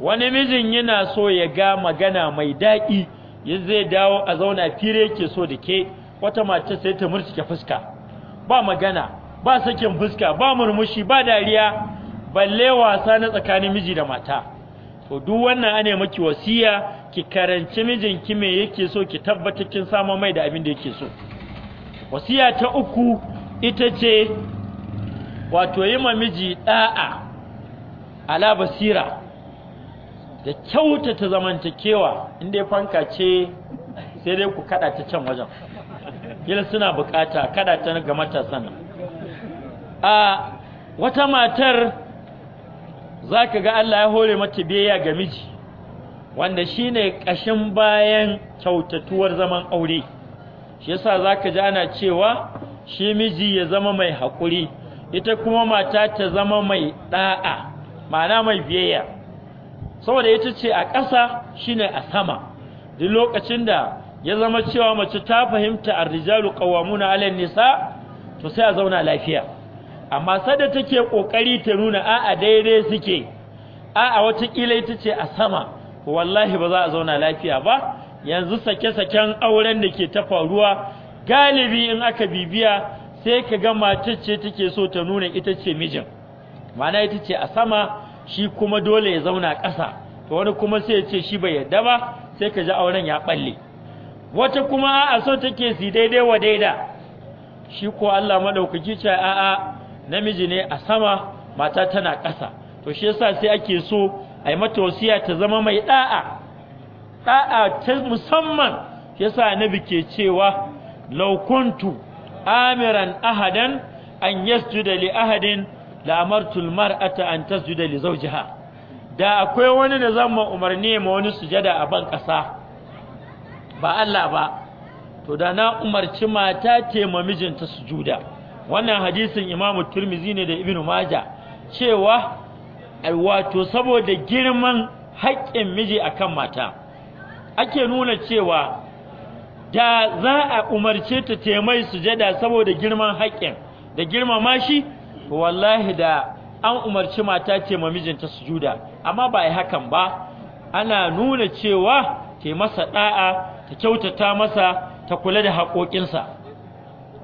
wani mijin yana so ya ga magana mai daɗi ya zai dawo a zauna fire yake so da ke wata mace sai ta ke fuska ba magana ba sakin fuska ba murmushi ba dariya balle wasa na tsakanin miji da mata to duk wannan ane maki wasiya ki karanci ki me yake so ki tabbata kin samu mai da abin da yake so wasiya ta uku ita ce wato yi ma miji da'a ala basira da kyautata zamantakewa inda ya fanka ce sai dai ku kada ta can wajen Gila suna bukata kada ta ga matasan nan a wata matar zaka ga Allah ya hore mata biyayya ga miji wanda shine ƙashin bayan kyautatuwar zaman aure shi yasa ka ji ana cewa shi miji ya zama mai haƙuri, ita kuma mata ta zama mai da'a ma'ana mai biyayya saboda ita ce a ƙasa shine a sama duk lokacin da ya zama cewa mace ta fahimta ar-rijalu qawwamuna 'ala nisa to sai a zauna lafiya amma sada take kokari ta nuna a'a daidai suke a'a wata kila ita ce a sama wallahi ba za a zauna lafiya ba yanzu sake-saken auren da ke ta faruwa galibi in aka bibiya sai ka ga mace ce take so ta nuna ita ce mijin ma'ana ita ce a sama shi kuma dole ya zauna ƙasa to wani kuma sai ya ce shi bai yadda ba sai ka ji auren ya balle wata kuma a so take si daidai wa daida shi ko Allah madaukaki ce a'a namiji ne a sama mata tana ƙasa to shi yasa sai ake so a yi mata wasiya ta zama mai da'a da'a ta musamman shi yasa annabi ke cewa law kuntu amiran ahadan an yasjuda li ahadin Lamar tulmar an tasjuda li zawjiha da akwai wani da zan ma umarni ma wani sujada a ban kasa ba Allah ba to da na umarci mata ce ma mijinta sujuda wannan hadisin Imam tirmizi ne da Ibn maja cewa ai wato saboda girman haƙƙin miji akan mata ake nuna cewa da za a umarce ta taimai sujada saboda girman haƙƙin da girmama shi wallahi da an umarci mata ce ma mijinta juda, amma ba yi hakan ba ana nuna cewa ta masa da'a ta kyautata masa ta kula da haƙoƙinsa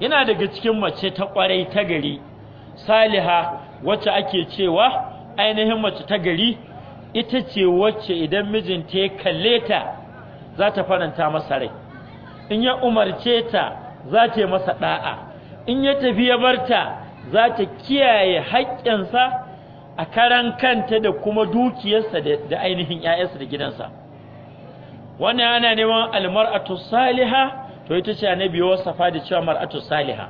yana daga cikin mace ta ƙwarai ta gari saliha wacce ake cewa ainihin mace ta gari ita ce wacce idan mijinta ya kalle ta za ta faranta masa rai in ya umarce ta za ta yi masa da'a in ya tafi ya barta za ta kiyaye haƙƙinsa a karan kanta da kuma dukiyarsa da ainihin 'ya'yansa da gidansa wannan ana neman almar'atu saliha to ita ce annabi wasafa da cewa mar'atu saliha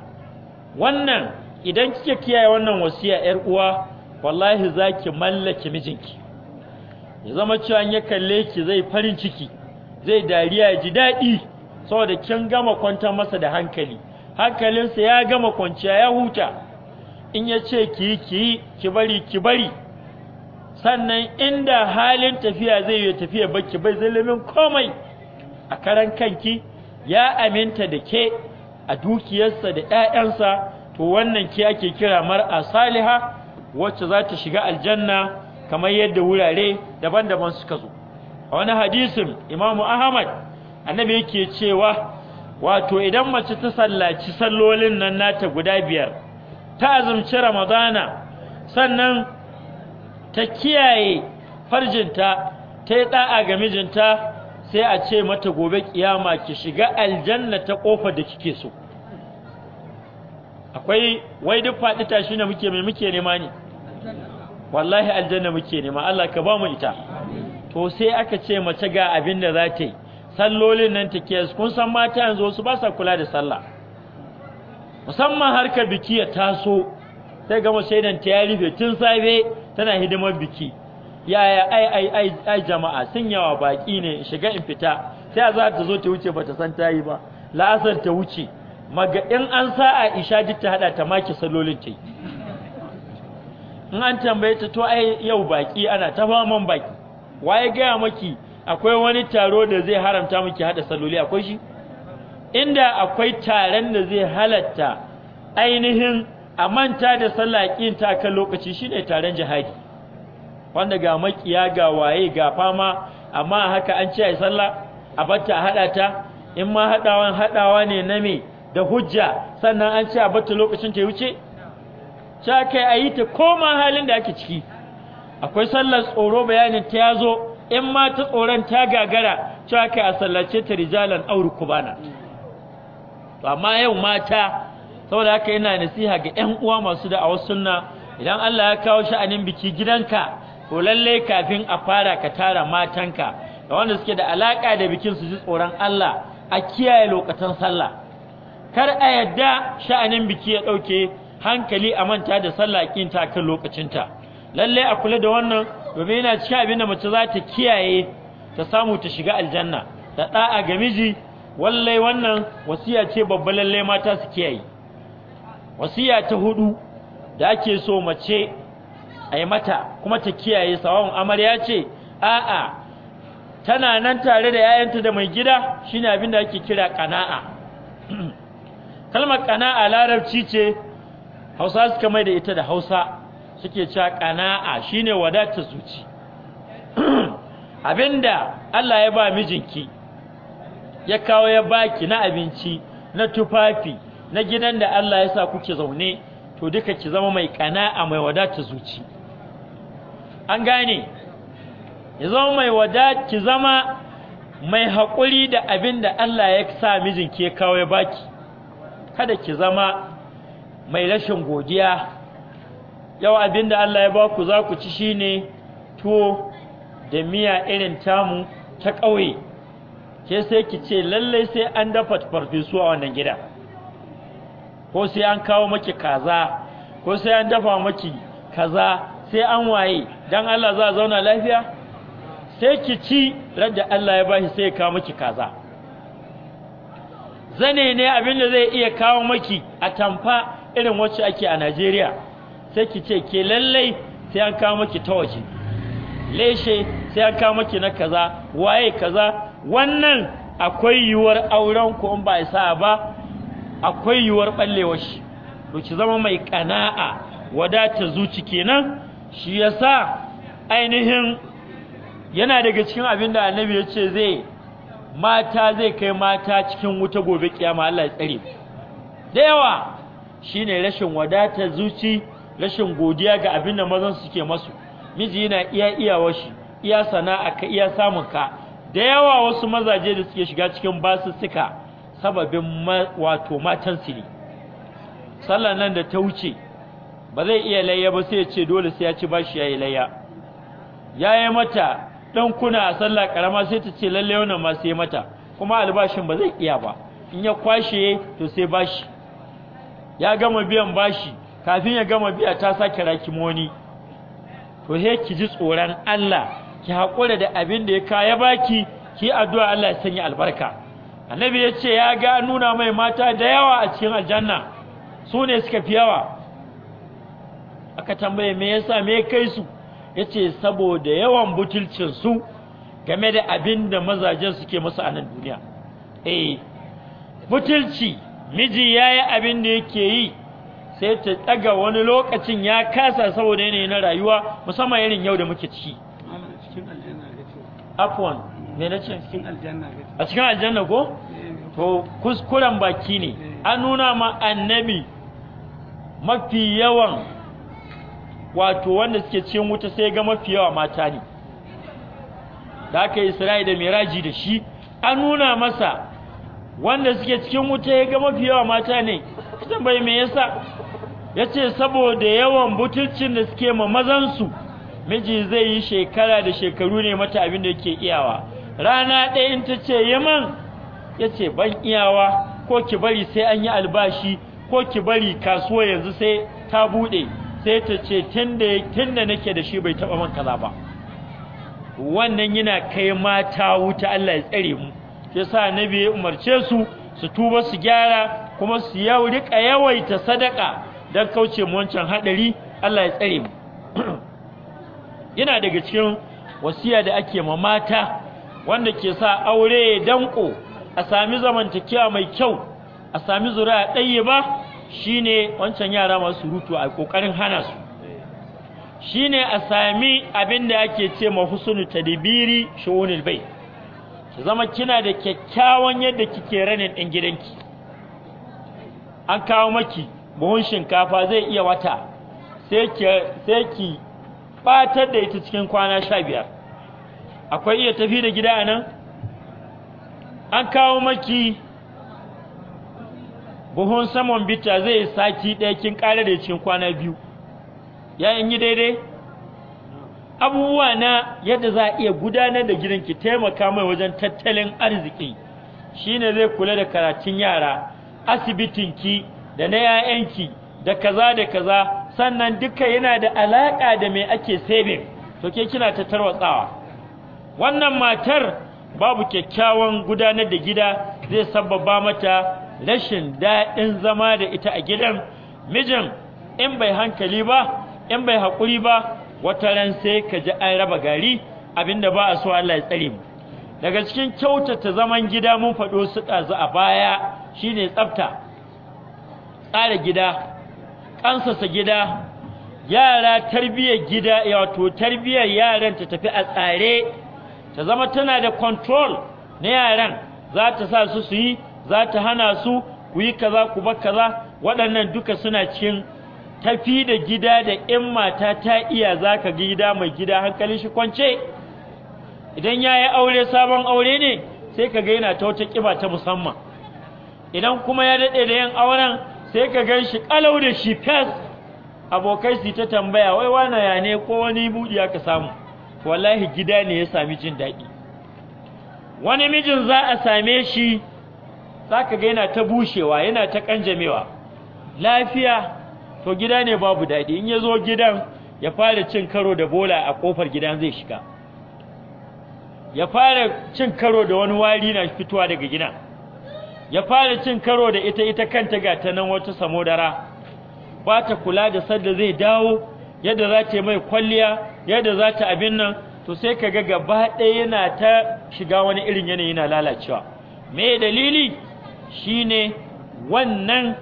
wannan idan kike kiyaye wannan wasiya 'yar uwa wallahi ki mallake mijinki ya zama cewa ya kalle ki zai farin ciki zai dariya ji daɗi saboda kin gama kwantar masa da hankali hankalinsa ya gama kwanciya ya huta in ya ce ki yi ki yi ki bari ki bari sannan inda halin tafiya zai yi tafiya baki bai zulumin komai a karan kanki ya aminta da ke a dukiyarsa da ƴaƴansa to wannan ki ake kira mar'a saliha wacce za ta shiga aljanna kamar yadda wurare daban-daban suka zo a wani hadisin imamu ahmad annabi yake cewa wato idan mace ta sallaci sallolin nan nata guda biyar ta azumci ramadana sannan ta kiyaye farjinta ta yi ɗa'a ga mijinta sai a ce mata gobe kiyama ki shiga aljanna ta ƙofa da kike so akwai wai duk faɗi tashi ne muke mai muke nema ne wallahi aljanna muke nema Allah ka ba mu ita to sai aka ce mace ga abin da za ta yi sallolin nan ta kiyas kun san mata yanzu wasu ba sa kula da sallah musamman harkar biki ya taso sai gama shaidan ta ya rufe tun safe tana hidimar biki yaya ai ai ai jama'a sun yawa baki ne shiga in fita sai za ta zo ta wuce ba ta san tayi ba la'asar ta wuce maga in an sa Aisha duk ta hada ta maki salolin ta in an tambaye ta to ai yau baki ana ta faman baki waye gaya maki akwai wani taro da zai haramta miki hada saloli akwai shi inda akwai taren da zai halatta ainihin a manta da sallah kin ta kan lokaci shine taron jihadi wanda ga makiya ga waye ga fama amma haka an ce ai sallah a batta hada ta in ma hadawan hadawa ne na me da hujja sannan an ce a batta lokacin ta wuce ta kai ayi ta koma halin da ake ciki akwai sallar tsoro bayanin ta yazo in ma ta tsoron ta gagara ta kai a sallace ta rijalan aur kubana to amma yau mata saboda haka yana nasiha ga ƴan uwa masu da'awar sunna idan Allah ya kawo sha'anin biki gidanka to lalle kafin a fara ka tara matanka da wanda suke da alaka da bikin su ji tsoron Allah a kiyaye lokacin sallah kar a yadda sha'anin biki ya dauke hankali a manta da sallah kin ta kan lokacinta lalle a kula da wannan domin yana cikin abin da mace za ta kiyaye ta samu ta shiga aljanna da da'a ga miji wallai wannan wasiya ce babba lalle mata su kiyaye wasiya ta hudu da ake so mace ai mata kuma ta kiyaye sawon amarya ce a'a tana nan tare da yayanta da mai gida shine abin da ake kira qana'a kalmar qana'a larabci ce Hausa suka mai da ita da Hausa suke cewa qana'a shine wadata zuci abinda Allah ya ba mijinki ya kawo ya baki na abinci na tufafi na gidan da Allah ya sa kuke zaune to duka ki zama mai kana'a mai wadata zuci an gane ya zama mai wadata ki zama mai haƙuri da abin da Allah ya sa mijinki ya kawo ya baki kada ki zama mai rashin godiya yau abin da Allah ya baku za ku ci shine tuwo da miya irin tamu ta ƙauye ke sai ki ce lallai sai an dafa farfesu a wannan gida ko sai an kawo maki kaza ko sai an dafa maki kaza sai an waye dan Allah za a zauna lafiya sai ki ci radda Allah ya bashi sai ya kawo maki kaza zane ne abin da zai iya kawo maki a tamfa irin wacce ake a Najeriya sai ki ce ke lallai sai an kawo maki ta waje leshe sai an kawo maki na kaza waye kaza wannan akwai yiwuwar auren ku in ba isa ba akwai yiwuwar ballewar shi to ki zama mai ƙana'a wadata zuci kenan shi yasa ainihin yana daga cikin abin da annabi ya ce zai mata zai kai mata cikin wuta gobe kiyama Allah ya tsare da yawa shine rashin wadatar zuci rashin godiya ga abin da mazan suke masu miji yana iya iyawa shi iya sana'a ka iya samun ka da yawa wasu mazaje da suke shiga cikin basussuka sababin wato matan su ne sallan nan da ta wuce ba zai iya layya ba sai ya ce dole sai ya ci bashi yayi layya yayi mata dan kuna a sallah karama sai ta ce lalle wannan ma sai mata kuma albashin ba zai iya ba in ya kwashe to sai bashi ya gama biyan bashi kafin ya gama biya ta sake rakimoni to he ki ji tsoron Allah ki haƙura da abin da ya kaya baki ki addu'a Allah ya sanya albarka annabi ya ce ya ga nuna mai mata da yawa a cikin aljanna su ne suka fi yawa aka tambaye me yasa me kai su ya ce saboda yawan butulcin su game da abin da mazajen suke musu a nan duniya eh butulci miji ya yi abin da yake yi sai ta ɗaga wani lokacin ya kasa saboda yanayi na rayuwa musamman irin yau da muke ciki afwan me na ce a cikin aljanna ko to kuskuren baki ne eh. an nuna ma annabi mafi yawan wato wanda suke cikin wuta sai ga mafi yawa mata ne da aka isra'i da miraji da shi an nuna masa wanda suke cikin wuta ya ga mafi yawa mata ne kusan bai me yasa ya ce saboda yawan butulcin da suke ma mazansu miji zai yi shekara da shekaru ne mata abin da yake iyawa rana ɗaya in ta ce yaman ya ce ban iyawa ko ki bari sai an yi albashi ko ki bari kasuwa yanzu sai ta buɗe sai ta ce tun da nake da shi bai taɓa man kaza ba wannan yana kai mata wuta Allah ya tsare mu shi sa nabi ya umarce su su tuba su gyara kuma su yau riƙa yawaita sadaka don kauce mu wancan haɗari Allah ya tsare mu yana daga cikin wasiya da ake ma mata wanda ke sa aure ya danko a sami zamantakewa mai kyau a sami zuriya ɗaya ba shine wancan yara masu surutu a ƙoƙarin hana su shine a sami abin da ake ce ma husnul tadbiri shu'unil bai ki zama kina da kyakkyawan yadda kike ranin ɗin gidanki an kawo maki buhun shinkafa zai iya wata sai ki batar da ita cikin kwana sha biyar akwai iya tafi da gida nan an kawo maki buhun saman bita zai yi sati ɗaya kin ƙara da cikin kwana biyu ya yi daidai abubuwa na yadda za a iya gudanar da gidan ki taimaka mai wajen tattalin arziki shine zai kula da karatun yara asibitinki da na 'ya'yanki da kaza da kaza sannan duka yana da alaƙa da mai ake sebe to ke kina ta tarwatsawa wannan matar babu kyakkyawan gudanar da gida zai sababa mata rashin daɗin zama da ita a gidan mijin in bai hankali ba in bai haƙuri ba wata ran sai ka ji an raba gari abinda ba a so Allah ya tsare mu daga cikin kyautata zaman gida mun faɗo su ɗazu a baya shine tsafta tsara gida kansasa gida yara tarbiyyar gida wato tarbiyyar yaran ta tafi a tsare ta zama tana da control na yaran za ta sa su su yi za ta hana su ku yi kaza ku ba kaza waɗannan duka suna cikin tafi da gida da in mata ta iya za ka gida mai gida hankalin shi kwance idan ya yi aure sabon aure ne sai ka ga ta wata ƙiba ta musamman idan kuma ya daɗe da yin auren sai ka gan shi kalau da shi fes abokai su ta tambaya wai wana ya ne ko wani buɗi aka samu wallahi gida ne ya sami jin daɗi wani mijin za a same shi za ka ga yana ta bushewa yana ta ƙanjamewa lafiya to gida ne babu daɗi in ya zo gidan ya fara cin karo da bola a ƙofar gidan zai shiga ya fara cin karo da wani wari na fitowa daga gidan ya fara cin karo da ita ita kanta ga ta nan wata samodara ba ta kula da sadda zai dawo yadda za ta mai kwalliya yadda za ta abin nan to sai ka ga gaba ɗaya yana ta shiga wani irin yanayi na lalacewa me dalili shi ne wannan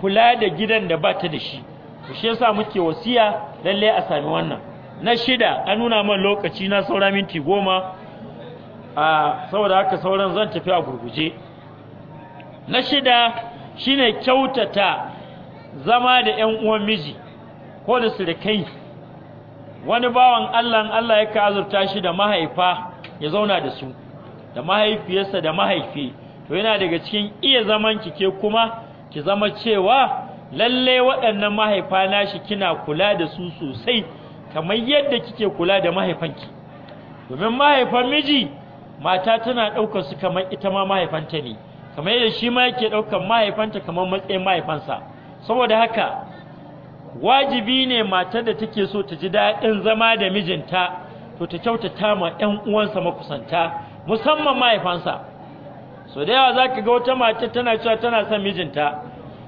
kula da gidan da ba ta da shi ku shi yasa muke wasiya lalle a sami wannan na shida an nuna man lokaci na saura minti goma a saboda haka sauran zan tafi a gurguje na shida shine kyautata zama da ƴan uwan miji ko da sirikai wani bawan Allah Allah ya ka azurta shi da mahaifa ya zauna da su da mahaifiyarsa da mahaifi to yana daga cikin iya zaman ki ke kuma ki zama cewa lalle waɗannan mahaifa nashi kina kula da su sosai kamar yadda kike kula da mahaifanki domin mahaifan miji mata tana ɗaukar su kamar ita ma mahaifanta ne kamar yadda shi ma yake ɗaukar mahaifanta kamar matsayin mahaifansa saboda haka wajibi ne matar da take so ta ji daɗin zama da mijinta to ta kyautata ma ƴan uwansa makusanta musamman mahaifansa so da yawa za ka ga wata mace tana cewa tana son mijinta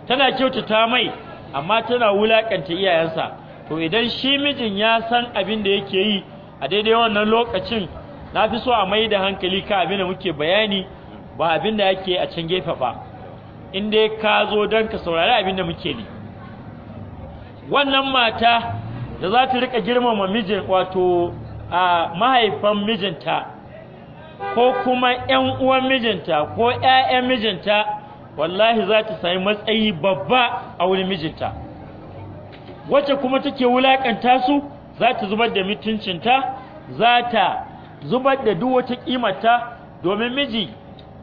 tana kyautata mai amma tana wulakanta iyayensa to idan shi mijin ya san abin da yake yi a daidai wannan lokacin na fi so a mai da hankali ka abin da muke bayani ba abin da yake a can gefe ba in dai ka zo don ka saurari abin da muke ne wannan mata da za ta rika girmama mijin wato a mahaifan mijinta ko kuma 'yan uwan mijinta ko 'ya'yan mijinta wallahi za ta sami matsayi babba a wurin mijinta wacce kuma take wulakanta su za ta zubar da mutuncinta za ta zubar da duk wata ƙimata domin miji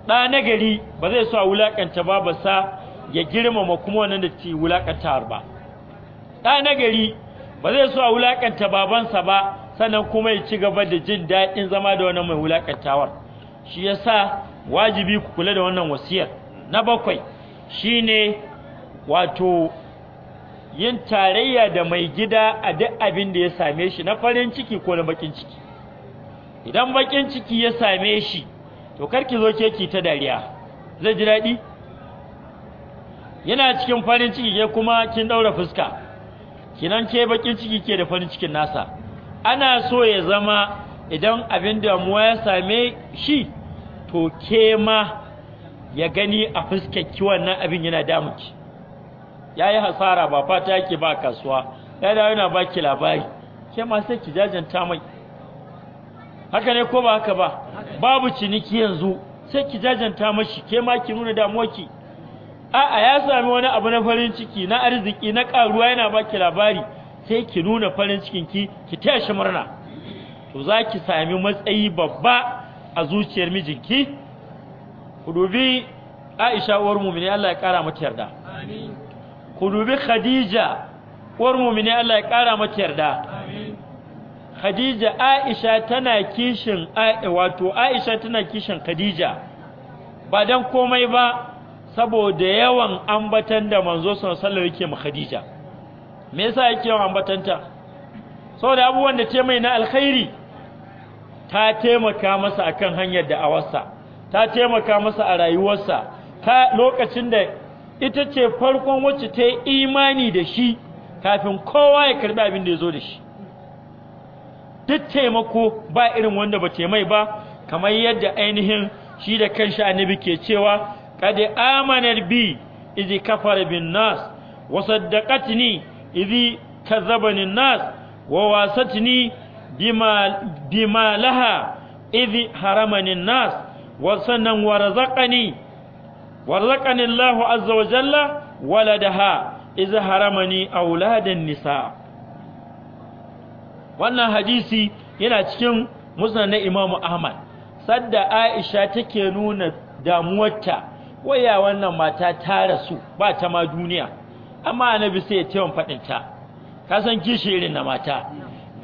ɗa nagari gari ba zai sa wulaƙanta babasa ya girmama kuma wannan da ke wulaƙanta ba ɗa nagari ba zai so a wulaƙanta babansa ba sannan kuma ya ci gaba da jin daɗin zama da wannan mai wulaƙantawar shi yasa wajibi ku kula da wannan wasiyar na bakwai shine wato yin tarayya da mai gida a duk abin da ya same shi na farin ciki ko na baƙin ciki idan baƙin ciki ya same shi to ki zo ke ki ta dariya zai ji daɗi yana cikin farin ciki ke kuma kin ɗaura fuska kinan ke bakin ciki ke da farin cikin nasa ana so ya zama idan abin damuwa ya same shi to ke ma ya gani a fuskarki wannan abin yana damuki ya yi hasara ba fata yake ba kasuwa ya dawo yana baki labari ke ma sai ki jajanta mai haka ne ko ba haka ba babu ciniki yanzu sai ki jajanta mashi ke ma ki nuna damuwarki a'a ya sami wani abu na farin ciki na arziki na karuwa yana baki labari sai ki nuna farin cikin ki ki taya shi murna to za ki sami matsayi babba a zuciyar mijinki ku dubi Aisha uwar mu'mini Allah ya kara mata yarda amin ku dubi Khadija uwar mu'mini Allah ya kara mata yarda amin Khadija Aisha tana kishin wato Aisha tana kishin Khadija ba dan komai ba saboda yawan ambatan da manzo sallallahu alaihi yake ma Khadija me yasa yake yawan ambatanta saboda abubuwan da ce mai na alkhairi ta taimaka masa akan hanyar da awarsa ta taimaka masa a rayuwarsa ta lokacin da ita ce farkon wacce ta yi imani da shi kafin kowa ya karbi abin da ya zo da shi duk taimako ba irin wanda ba taimai ba kamar yadda ainihin shi da kanshi annabi ke cewa qad amana bi idh kafara bin nas wa saddaqatni idh kadzabani nas wa wasatni bima bima laha idh haramani nas wa sannan warzaqani warzaqani Allahu azza wa jalla waladaha idh haramani auladan nisa wannan hadisi yana cikin musnad na Imam Ahmad sadda Aisha take nuna damuwarta waya wannan mata ta rasu ba ta ma duniya amma annabi sai ya taiwon fadin ta ka san kishi irin na mata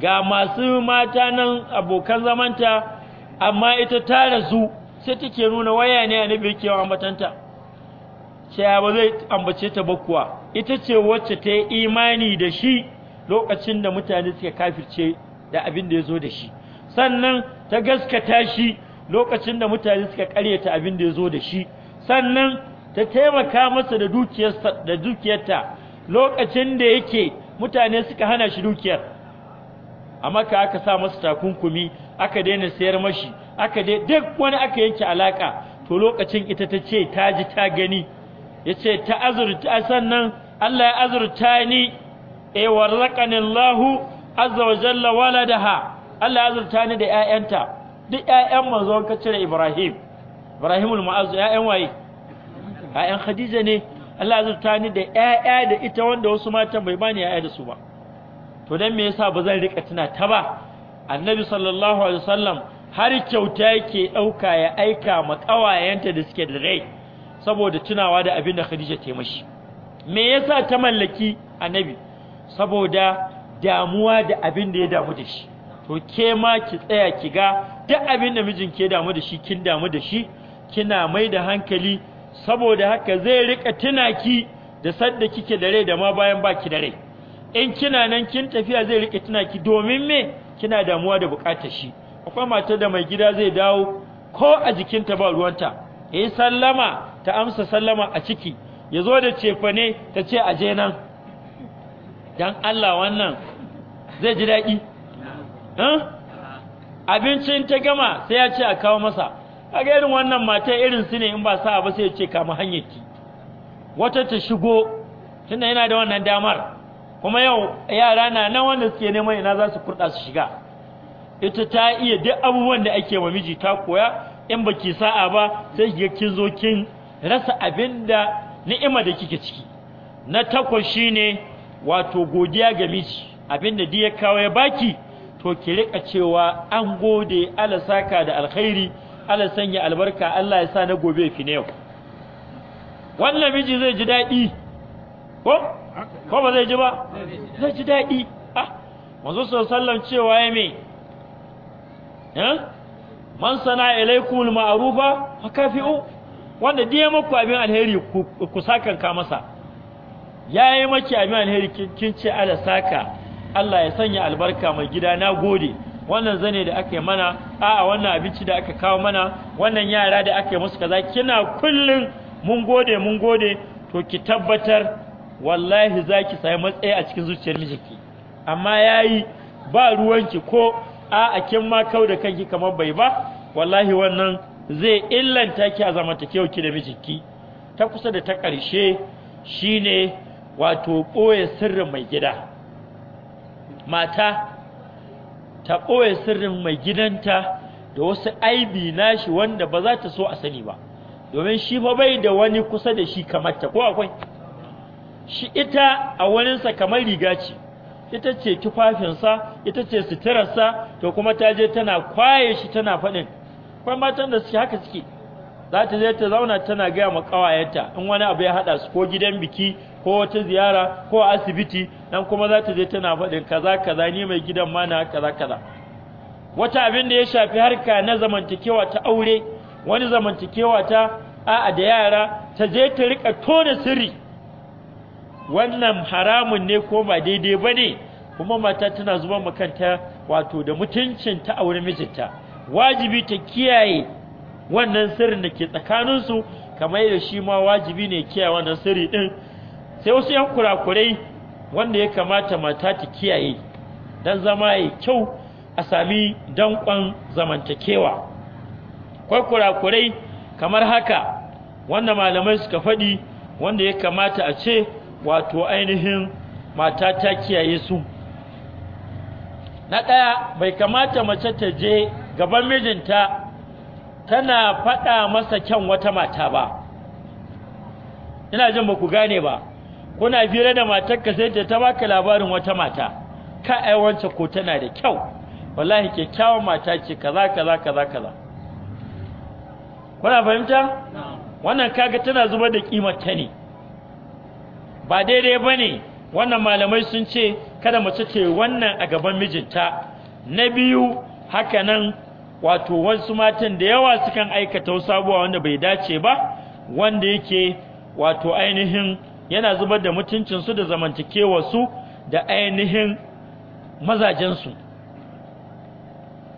ga masu mata nan abokan zamanta amma ita ta rasu sai take nuna waya ne annabi yake wa matanta cewa ba zai ambace ta ba kuwa ita ce wacce ta yi imani da shi lokacin da mutane suka kafirce da abin da ya zo da shi sannan ta gaskata shi lokacin da mutane suka karyata abin da ya zo da shi sannan ta taimaka masa da dukiyarsa da dukiyarta lokacin da yake mutane suka hana shi dukiyar amma ka aka sa masa takunkumi aka daina sayar mashi aka dai duk wani aka yanke alaka to lokacin ita ta ce ta ji ta gani yace ta azurta sannan Allah ya azurta ni e eh, warraqani Allah azza wa jalla waladaha Allah ya azurta ni da ƴaƴanta duk ƴaƴan manzo ka cire Ibrahim Ibrahimul Mu'azz ƴaƴan waye ƴaƴan Khadija ne Allah ya azurta ni da ƴaƴa da ita wanda wasu matan bai bani ƴaƴa da su ba to dan me yasa ba zan rika tuna ta ba Annabi sallallahu alaihi wasallam har kyauta yake ɗauka ya aika ma ƙawayenta da suke da rai saboda tunawa da abinda Khadija ta yi mashi me yasa ta mallaki Annabi saboda damuwa da abin da ya damu da shi to ke ma ki tsaya ki ga duk abin da mijin ke damu da shi kin damu da shi kina mai da hankali saboda haka zai rika tuna da sadda kike da rai da ma bayan baki da rai in kina nan kin tafiya zai rika tuna domin me kina damuwa da bukatar shi akwai mata da mai gida zai dawo ko a jikinta ba ruwanta yayi sallama ta amsa sallama a ciki Ya zo da cefane ta ce aje nan don Allah wannan zai ji daɗi abincin ta gama sai ya ce a kawo masa kaga irin wannan mata irin su ne in ba sa ba sai ya ce kama hanyarki wata ta shigo tunda yana da wannan damar kuma yau yara na nan wanda suke neman ina za su kurɗa su shiga ita ta iya duk abubuwan da ake wa miji ta koya in baki sa'a ba sai ki kin zo kin rasa abin da ni'ima da kike ciki na takwas shine wato godiya ga miji abinda da ya kawo ya baki to ki rika cewa an gode Allah saka da alkhairi Allah sanya albarka Allah ya sa na gobe fi ne yau wannan miji zai ji daɗi ko ko ba zai ji ba zai ji daɗi ah manzo sallallahu cewa ya me eh man sana ilaikumul ma'rufa fakafi'u wanda diye maku abin alheri ku sakan ka masa ya yi maki abin alheri kin ce ala saka Allah ya sanya albarka mai gida na gode wannan zane da aka yi mana a'a wannan abinci da aka kawo mana wannan yara da aka yi musu kaza kina kullun mun gode mun gode to ki tabbatar wallahi za ki sami matsayi a cikin zuciyar mijinki amma yayi ba ruwanki ko a'a kin ma kau da kanki kamar bai ba wallahi wannan zai illanta ki a zamantakewa ki da mijinki ta kusa da ta ƙarshe shine wato ɓoye sirrin mai gida mata ta ɓoye sirrin mai gidanta da wasu aibi nashi wanda ba za ta so a sani ba domin shi fa bai da wani kusa da shi kamar ta ko akwai shi ita a waninsa kamar riga ce ita ce tufafinsa ita ce suturarsa to kuma ta je tana kwaye shi tana faɗin akwai matan da suke haka suke za ta je ta zauna tana gaya ma ƙawayenta in wani abu ya haɗa su ko gidan biki ko wata ziyara ko asibiti nan kuma za ta je tana faɗin kaza kaza ni mai gidan ma na kaza kaza wata abin da ya shafi harka na zamantakewa ta aure wani zamantakewa ta a'a da yara ta je ta rika tona sirri wannan haramun ne ko ba daidai ba ne kuma mata tana zuba makanta wato da mutuncin ta aure mijinta wajibi ta kiyaye wannan sirrin da ke tsakaninsu kamar yadda shi ma wajibi ne kiyaye wannan sirri din sai wasu yan kurakurai wanda ya kamata mata ta kiyaye dan zama yayi kyau a sami dankon zamantakewa kwai kurakurai kamar haka wanda malamai suka faɗi wanda ya kamata a ce wato ainihin mata ta kiyaye su na ɗaya bai kamata mace ta je gaban mijinta tana faɗa masa kyan wata mata ba ina jin ba ku gane ba kuna fira da matarka sai ta ta baka labarin wata mata ka ai wancan ko tana da kyau wallahi kyakkyawan mata ce kaza kaza kaza kaza kuna fahimta wannan kaga tana zubar da kimar ta ne ba daidai bane wannan malamai sun ce kada mace ce wannan a gaban mijinta na biyu haka nan wato wasu matan da yawa sukan aikata wasu abubuwa wanda bai dace ba wanda yake wato ainihin yana zubar da mutuncinsu da su da ainihin mazajensu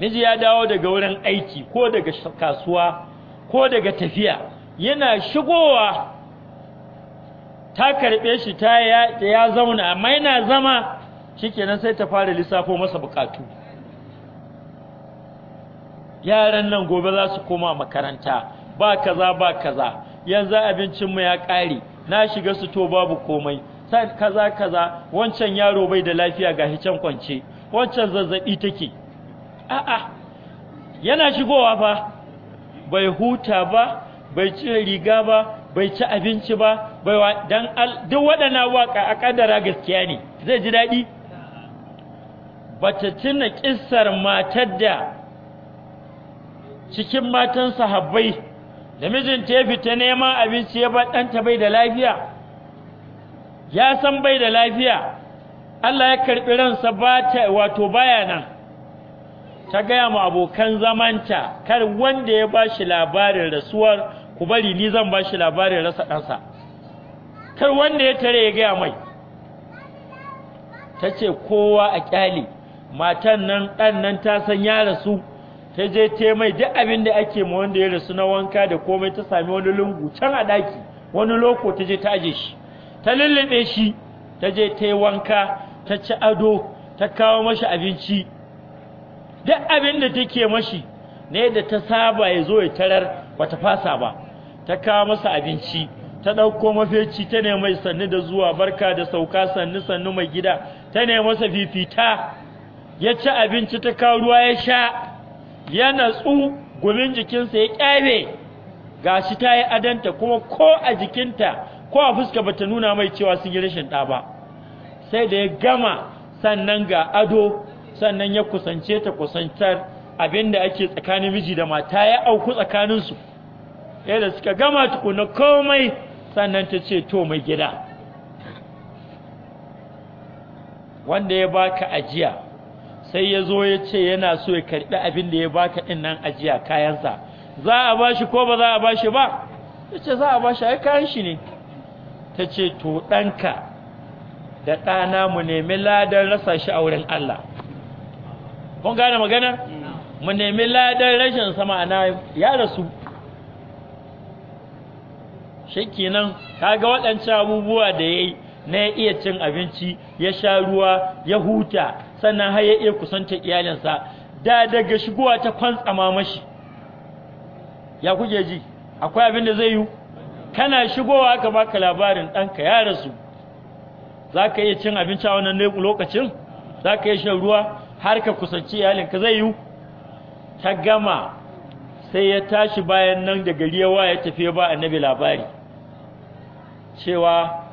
miji ya dawo daga wurin aiki ko daga kasuwa ko daga tafiya yana shigowa ta karɓe shi ta ya zauna amma yana zama shikenan sai ta fara lissafo masa bukatu yaran nan gobe za su koma makaranta ba kaza ba kaza yanzu abincinmu ya ƙare na shiga su to babu komai kaza kaza wancan yaro bai da lafiya ga hicen kwance wancan zazzabi take a'a yana shigowa fa bai huta ba bai ci riga ba bai ci abinci ba bai dan duk waɗannan waƙa a kaddara gaskiya ne zai ji daɗi bata tuna kissar matar da cikin matan sahabbai da mijinta ya fita neman abinci ya bar ɗanta bai da lafiya ya san bai da lafiya Allah ya karɓi ransa ba ta wato baya nan ta gaya ma abokan zamanta kar wanda ya ba shi labarin rasuwar ku bari ni zan ba shi labarin rasa ɗansa kar wanda ya tare ya gaya mai ta ce kowa a ƙyale matan nan ɗan nan ta san ya rasu ta je te mai duk abin da ake ma wanda ya rasu na wanka da komai ta sami wani lungu can a ɗaki wani loko ta je ta aje shi ta lullube shi ta je ta yi wanka ta ci ado ta kawo mashi abinci duk abin da take mashi ne da ta saba ya zo ya tarar bata fasa ba ta kawo masa abinci ta ɗauko mafeci ta mai sannu da zuwa barka da sauka sannu sannu mai gida ta nemi masa fifita ya ci abinci ta kawo ruwa ya sha ya natsu gumin jikinsa ya ga gashi ta yi adanta kuma ko a jikinta ko a fuska bata nuna mai cewa sun yi rashin ɗa ba sai da ya gama sannan ga ado sannan ya kusance ta kusantar abin da ake tsakanin miji da mata ya auku tsakaninsu yadda suka gama tukuna komai sannan ta ce to mai gida wanda ya baka ajiya sai ya zo ya ce yana so ya karɓi abin da ya baka ɗin nan ajiya kayansa za a ba shi ko ba za a ba shi ba ya ce za a ba shi ai kayan shi ne ta ce to ɗanka da ɗana mu nemi ladan rasa shi a wurin Allah kun gane magana mu nemi ladan rashin sama na ya rasu shekinan kaga waɗancan abubuwa da ya yi na iya cin abinci ya sha ruwa ya huta sannan har ya iya kusanta iyalinsa da daga shigowa ta kwantsa mashi ya kuke ji akwai abin da zai yi kana shigowa ka baka labarin danka, ya rasu za ka iya cin abinci a wannan lokacin za ka iya shan ruwa har ka kusanci iyalinka zai yi ta gama sai ya tashi bayan nan da gari yawa ya tafi ba annabi labari cewa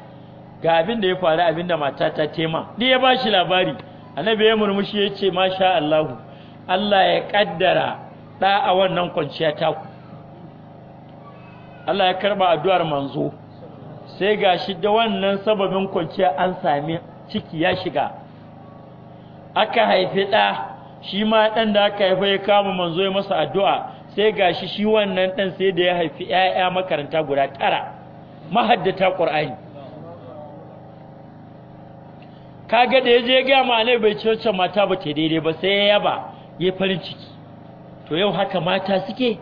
ga abin da ya faru abin da matata tema ni ya ba shi labari annabi ya murmushi ya ce masha Allahu Allah ya kaddara ɗa a wannan kwanciya taku Allah ya karba addu'ar manzo sai gashi da wannan sababin kwanciya an sami ciki ya shiga aka haifi ɗa shi ma ɗan da aka haifa ya kama manzo ya masa addu'a sai gashi shi wannan ɗan sai da ya haifi ‘ya'ya makaranta guda tara mahaddata ƙur'ani kaga da ya je gaya ma annabi bai ce mata ba ta daidai ba sai ya yaba ya farin ciki to yau haka mata suke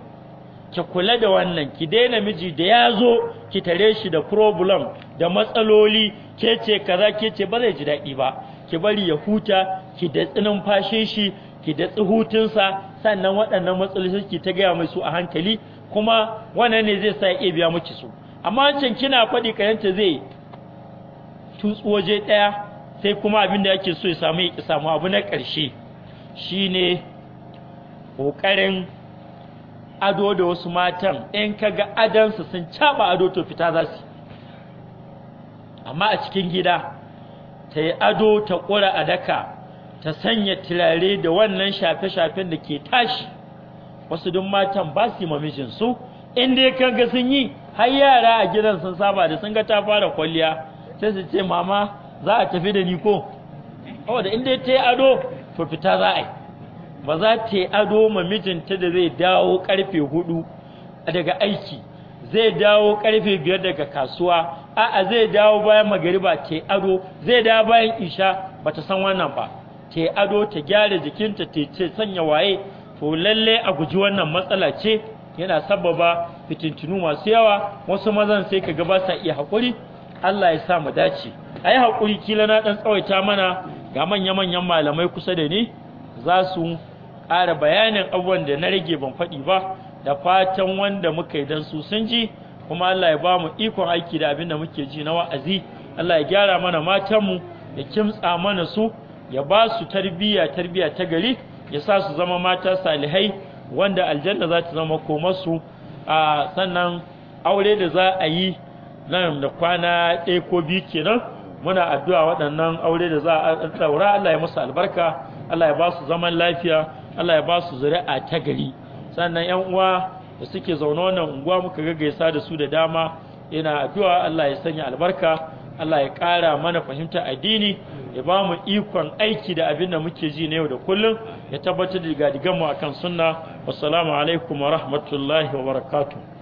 ki kula da wannan ki daina miji da ya zo ki tare shi da problem da matsaloli ke ce kaza ke ce ba zai ji daɗi ba ki bari ya huta ki da tsinin fashin shi ki da hutunsa sannan waɗannan matsaloli ki ta gaya mai su a hankali kuma wannan ne zai sa ya iya biya miki su amma can kina faɗi kayanta zai tutsu waje ɗaya sai kuma abin da yake so ya samu ya abu na ƙarshe shi ne ƙoƙarin ado da wasu matan in kaga adansu sun caɓa ado to fita za su amma a cikin gida ta yi ado ta ƙura a daka ta sanya turare da wannan shafe-shafen da ke tashi wasu duk matan ba su yi mamijinsu in dai kaga sun yi har yara a gidan sun saba da sun ga ta fara kwalliya sai su ce mama za a tafi da ni ko saboda in dai ta yi ado to fita za a yi ba za ta yi ado ma mijinta da zai dawo karfe hudu daga aiki zai dawo karfe biyar daga kasuwa a'a zai dawo bayan magariba ta yi ado zai dawo bayan isha ba ta san wannan ba ta yi ado ta gyara jikinta ta ce sanya waye to lalle a guji wannan matsala ce yana sababa fitintinu masu yawa wasu mazan sai ka ga basa sa iya haƙuri Allah ya sa mu dace ai hakuri kila na ɗan tsawaita mana ga manya-manyan malamai kusa da ni za su ƙara bayanin abubuwan da na rage ban faɗi ba da fatan wanda muka yi dan su sun ji kuma Allah ya ba mu ikon aiki da abin da muke ji na wa'azi Allah ya gyara mana matanmu ya kimtsa mana su ya ba su tarbiyya tarbiyya ta gari ya sa su zama mata salihai wanda aljanna za ta zama komarsu a sannan aure da za a yi nan da kwana ɗaya ko biyu kenan muna addu'a waɗannan aure da za a ɗaura Allah ya musu albarka Allah ya ba su zaman lafiya Allah ya ba su zuri'a ta gari sannan yan uwa da suke zaune wannan unguwa muka gaggaisa da su da dama ina addu'a Allah ya sanya albarka Allah ya ƙara mana fahimta addini ya ba mu ikon aiki da abin da muke ji na yau da kullum ya tabbatar da gadigan mu akan sunna wassalamu alaikum wa rahmatullahi wa barakatuh